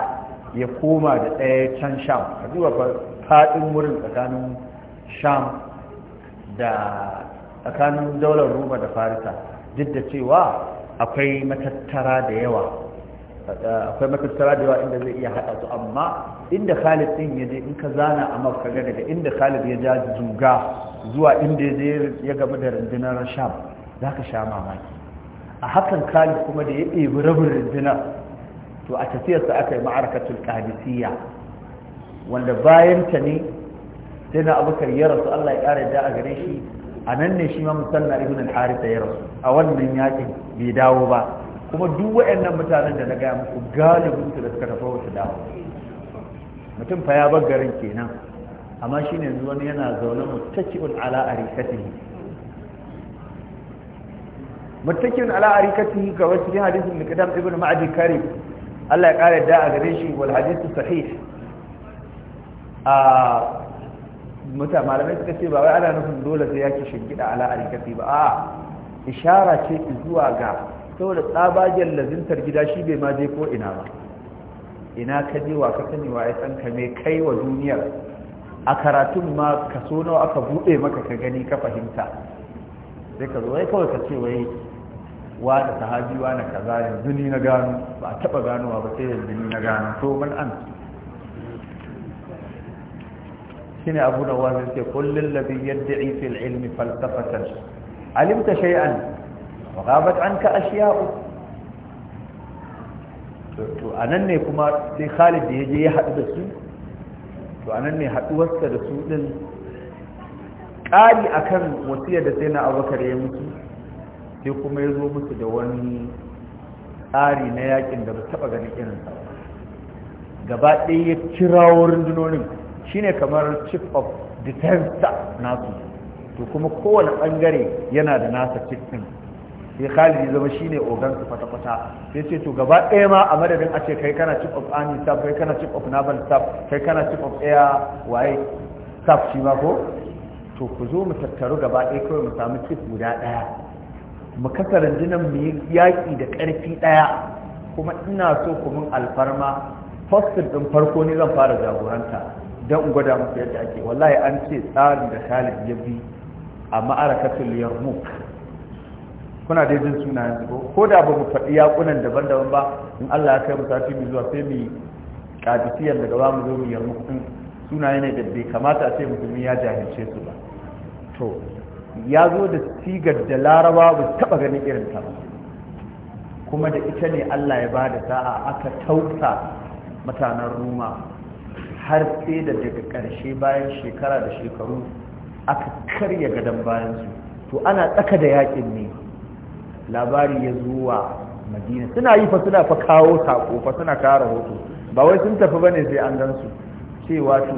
ya koma da ɗaya can sham a zuwa faɗin wurin tsakanin sham da tsakanin daular roma da farisa duk da cewa akwai matattara da yawa akwai matattara da yawa inda zai iya haɗa su amma inda khalid ɗin ya je in ka zana a maka ga daga inda khalid ya ja zuga zuwa inda ya je ya da rundunar sham za ka sha mamaki a hakan khalid kuma da ya ɗebi rabin rundunar to a tafiyarsa aka yi ma'arakatul qadisiyya wanda bayan ta ne sai na abubakar ya rasu allah ya ƙara da a gare shi a nan ne shi ma musalla ibn al-harith ya rasu a wannan yakin bai dawo ba kuma duk wayannan mutanen da na gaya muku galibin su da suka tafi wasu dawo mutum fa ya bar garin kenan amma shine yanzu wani yana zaune muttaki'un ala arikatihi muttaki'un ala arikatihi ga wasu hadisin da kadam ibn ma'adi karim Allah ya kare da a gare shi wal hadithu sahih a muta malamai suka ce ba wai ana nufin dole sai yake shingida ala arikati ba a ishara ce zuwa ga saboda tsabagen lazintar gida shi bai ma je ko ina ba ina ka je wa ka sani wa ya san ka me kai wa duniyar a karatun ma kaso nawa aka buɗe maka ka gani ka fahimta sai ka zo wai kawai ka ce wai wa da sahabi wa na kaza yanzu ni na gano ba a taba ganowa ba sai yanzu ni na gano to mun an shine abu da wani ce kullun ladhi yad'i fil ilmi falsafatan alimta shay'an wa ghabat anka ashiya'u to anan ne kuma sai Khalid da yaje ya hadu da su to anan ne haduwarsa da su din kali akan wasiya da sai na Abubakar ya mutu sai kuma ya zo musu da wani tsari na yakin da ba taba ganin irinsa gaba ɗaya ya kirawo rundunonin shine kamar chief of defense nasu to kuma kowane bangare yana da nasa chief din sai khalid zama shine ogan su fata fata sai ce to gaba ɗaya ma a madadin a ce kai kana chief of army staff kai kana chief of naval staff kai kana chief of air waye staff shi ma ko to ku zo mu tattaru gaba ɗaya kawai mu samu chief guda ɗaya mu kasa rundunar mu yi yaƙi da ƙarfi ɗaya kuma ina so ku mun alfarma fostin ɗin farko ne zan fara jagoranta don gwada muku yadda ake wallahi an ce tsarin da khalid ya bi a ma'arakatul yarmouk kuna dai jin sunayen yanzu ko da ba mu faɗi yakunan daban-daban ba in Allah ya kai mu sati mu zuwa sai mu kadisiyar daga ba mu zo mu yarmouk din Suna yana da bai kamata a ce musulmi ya jahilce su ba to ya zo da sigar da laraba ba taɓa ganin irin ta ba kuma da ita ne Allah ya ba da sa'a aka tausa mutanen ruma har sai da daga ƙarshe bayan shekara da shekaru aka karya gadon bayansu to ana tsaka da yakin ne labari ya zuwa madina suna yi fa suna fa kawo sako fa suna kawo rahoto ba wai sun tafi bane sai an gansu cewa to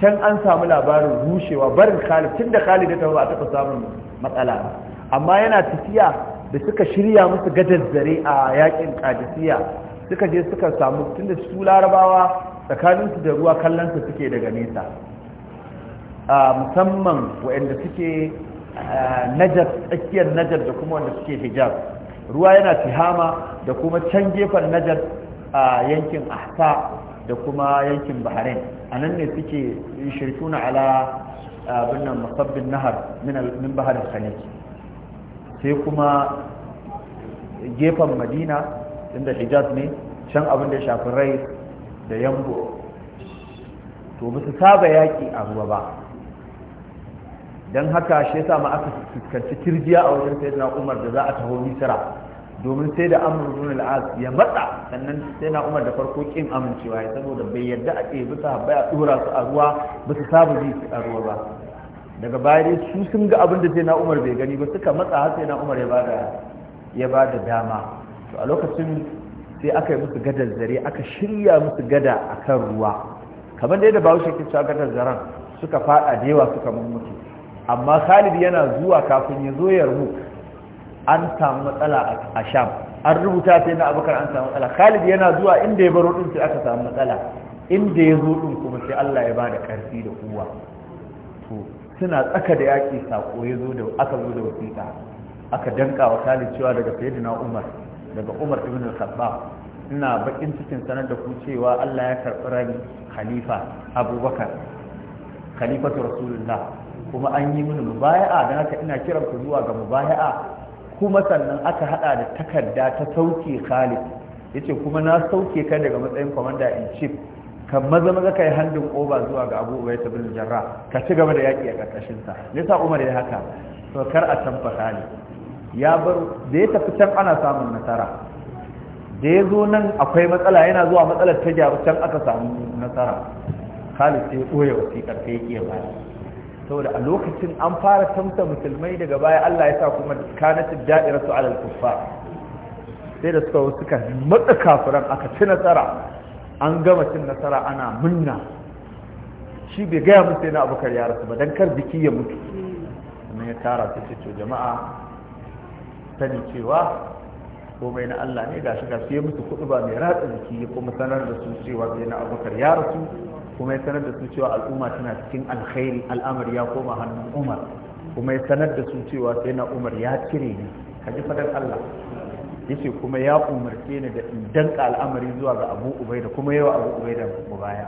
can an samu labarin rushewa barin khalid tun da khalid ya tafi ba a taɓa samun matsala ba amma yana tafiya da suka shirya musu gadar zare a yakin kadisiya suka je suka samu tunda su larabawa tsakaninsu da ruwa kallonsa suke daga nesa a musamman waɗanda suke najar tsakiyar najar da kuma wanda suke hijab ruwa yana tihama da kuma can gefen najar a yankin ahta da kuma yankin bahrain a nan ne suke shirkuna ala nan musabbin nahar min bahar khalid sai kuma gefen madina inda hijaz ne can abin da shafi rai da yambo to ba su saba yaƙi a ruwa ba don haka shi yasa sami aka fuskanci kirjiya a wajen na umar da za a taho misira domin sai da amur ibn al'az ya matsa sannan sai na umar da farko kin amincewa ya saboda bai yarda a ce bisa habba a dora su a ruwa ba su saba ji su a ruwa ba daga baya dai su sun ga abin da sai na umar bai gani ba suka matsa har sai na umar ya ba da dama to a lokacin sai aka yi musu gadar zare aka shirya musu gada a kan ruwa kamar da yadda ba wuce kicciya gadar zaren suka fada da yawa suka mummutu amma khalid yana zuwa kafin ya zo yarmu an samu matsala a sham an rubuta sai na abokan an samu matsala khalid yana zuwa inda ya baro din sai aka samu matsala inda ya zo din kuma sai allah ya ba da karfi da kuwa suna tsaka da yaki sako ya zo da aka zo da wasiƙa aka danka wa khalid cewa daga sayyidina umar daga umar ibn al-khattab ina bakin cikin sanar da ku cewa Allah ya karɓi ran khalifa abubakar khalifatu rasulullah kuma an yi mini mubaya'a don haka ina kiran ku zuwa ga mubaya'a kuma sannan aka hada da takarda ta sauke khalid yace kuma na sauke ka daga matsayin commander in chief ka maza maza kai handin over zuwa ga Abu Ubayda bin Jarrah ka ci gaba da yaki a karkashin sa yasa Umar ya haka to kar a tamfa Khalid ya bar da ya tafi can ana samun nasara da ya zo nan akwai matsala yana zuwa matsalar ta gyaru can aka samu nasara khalid sai ɓoye wasiƙar ta yake baya saboda a lokacin an fara tamta musulmai daga baya Allah ya sa kuma kanatin da'iratu alal kuffa. sai da suka suka matsa kafiran aka ci nasara an gama cin nasara ana munna shi bai gaya musu yana abokar ya rasu ba dan kar biki ya mutu sannan ya tara su ce to jama'a sani cewa komai na Allah ne ga gashi ya mutu kudu ba mai ratsa jiki ya kuma sanar da su cewa sai na abokar ya rasu kuma ya sanar da su cewa al'umma tana cikin alkhairi al'amari ya koma hannun umar kuma ya sanar da su cewa sai na umar ya cire ni ka ji fadar Allah yace kuma ya umarce ni da in danka al'amari zuwa ga Abu da kuma yawa Abu mu baya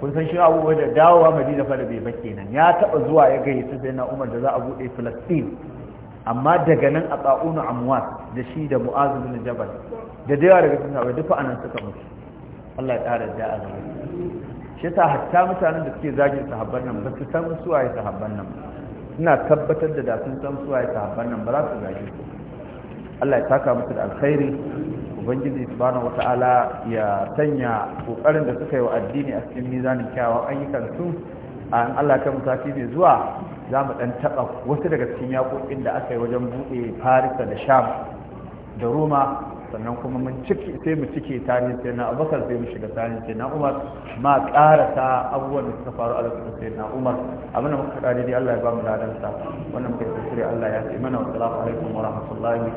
kun san shi Abu da dawowa Madina fa da bai ba kenan ya taba zuwa ya gaisa sai na Umar da za a bude Palestine amma daga nan a tsa'unu amwat da shi da mu'azu bin jabal da dai daga cikin sabai duka anan suka mutu Allah ya tsara da azumi shi ta hatta mutanen da suke zagi sahabban nan ba su san su waye sahabban nan ina tabbatar da da sun san waye sahabban nan ba za su zagi su Allah ya taka musu da alkhairi ubangiji subhanahu wata'ala ya sanya kokarin da suka yi wa addini a cikin mizanin kyawawan ayyukan su an Allah ta mutafi mai zuwa za mu ɗan taɓa wasu daga cikin yaƙoƙin da aka yi wajen buɗe farisa da sham da roma sannan kuma mun ciki sai mu cike tarihin sai na abubakar sai mu shiga tarihin sai na umar ma karasa abubuwan da suka faru a lokacin sai na umar abin da muka dai Allah ya ba mu ladansa wannan kai tsiri Allah ya ce mana wa salamu alaikum wa rahmatullahi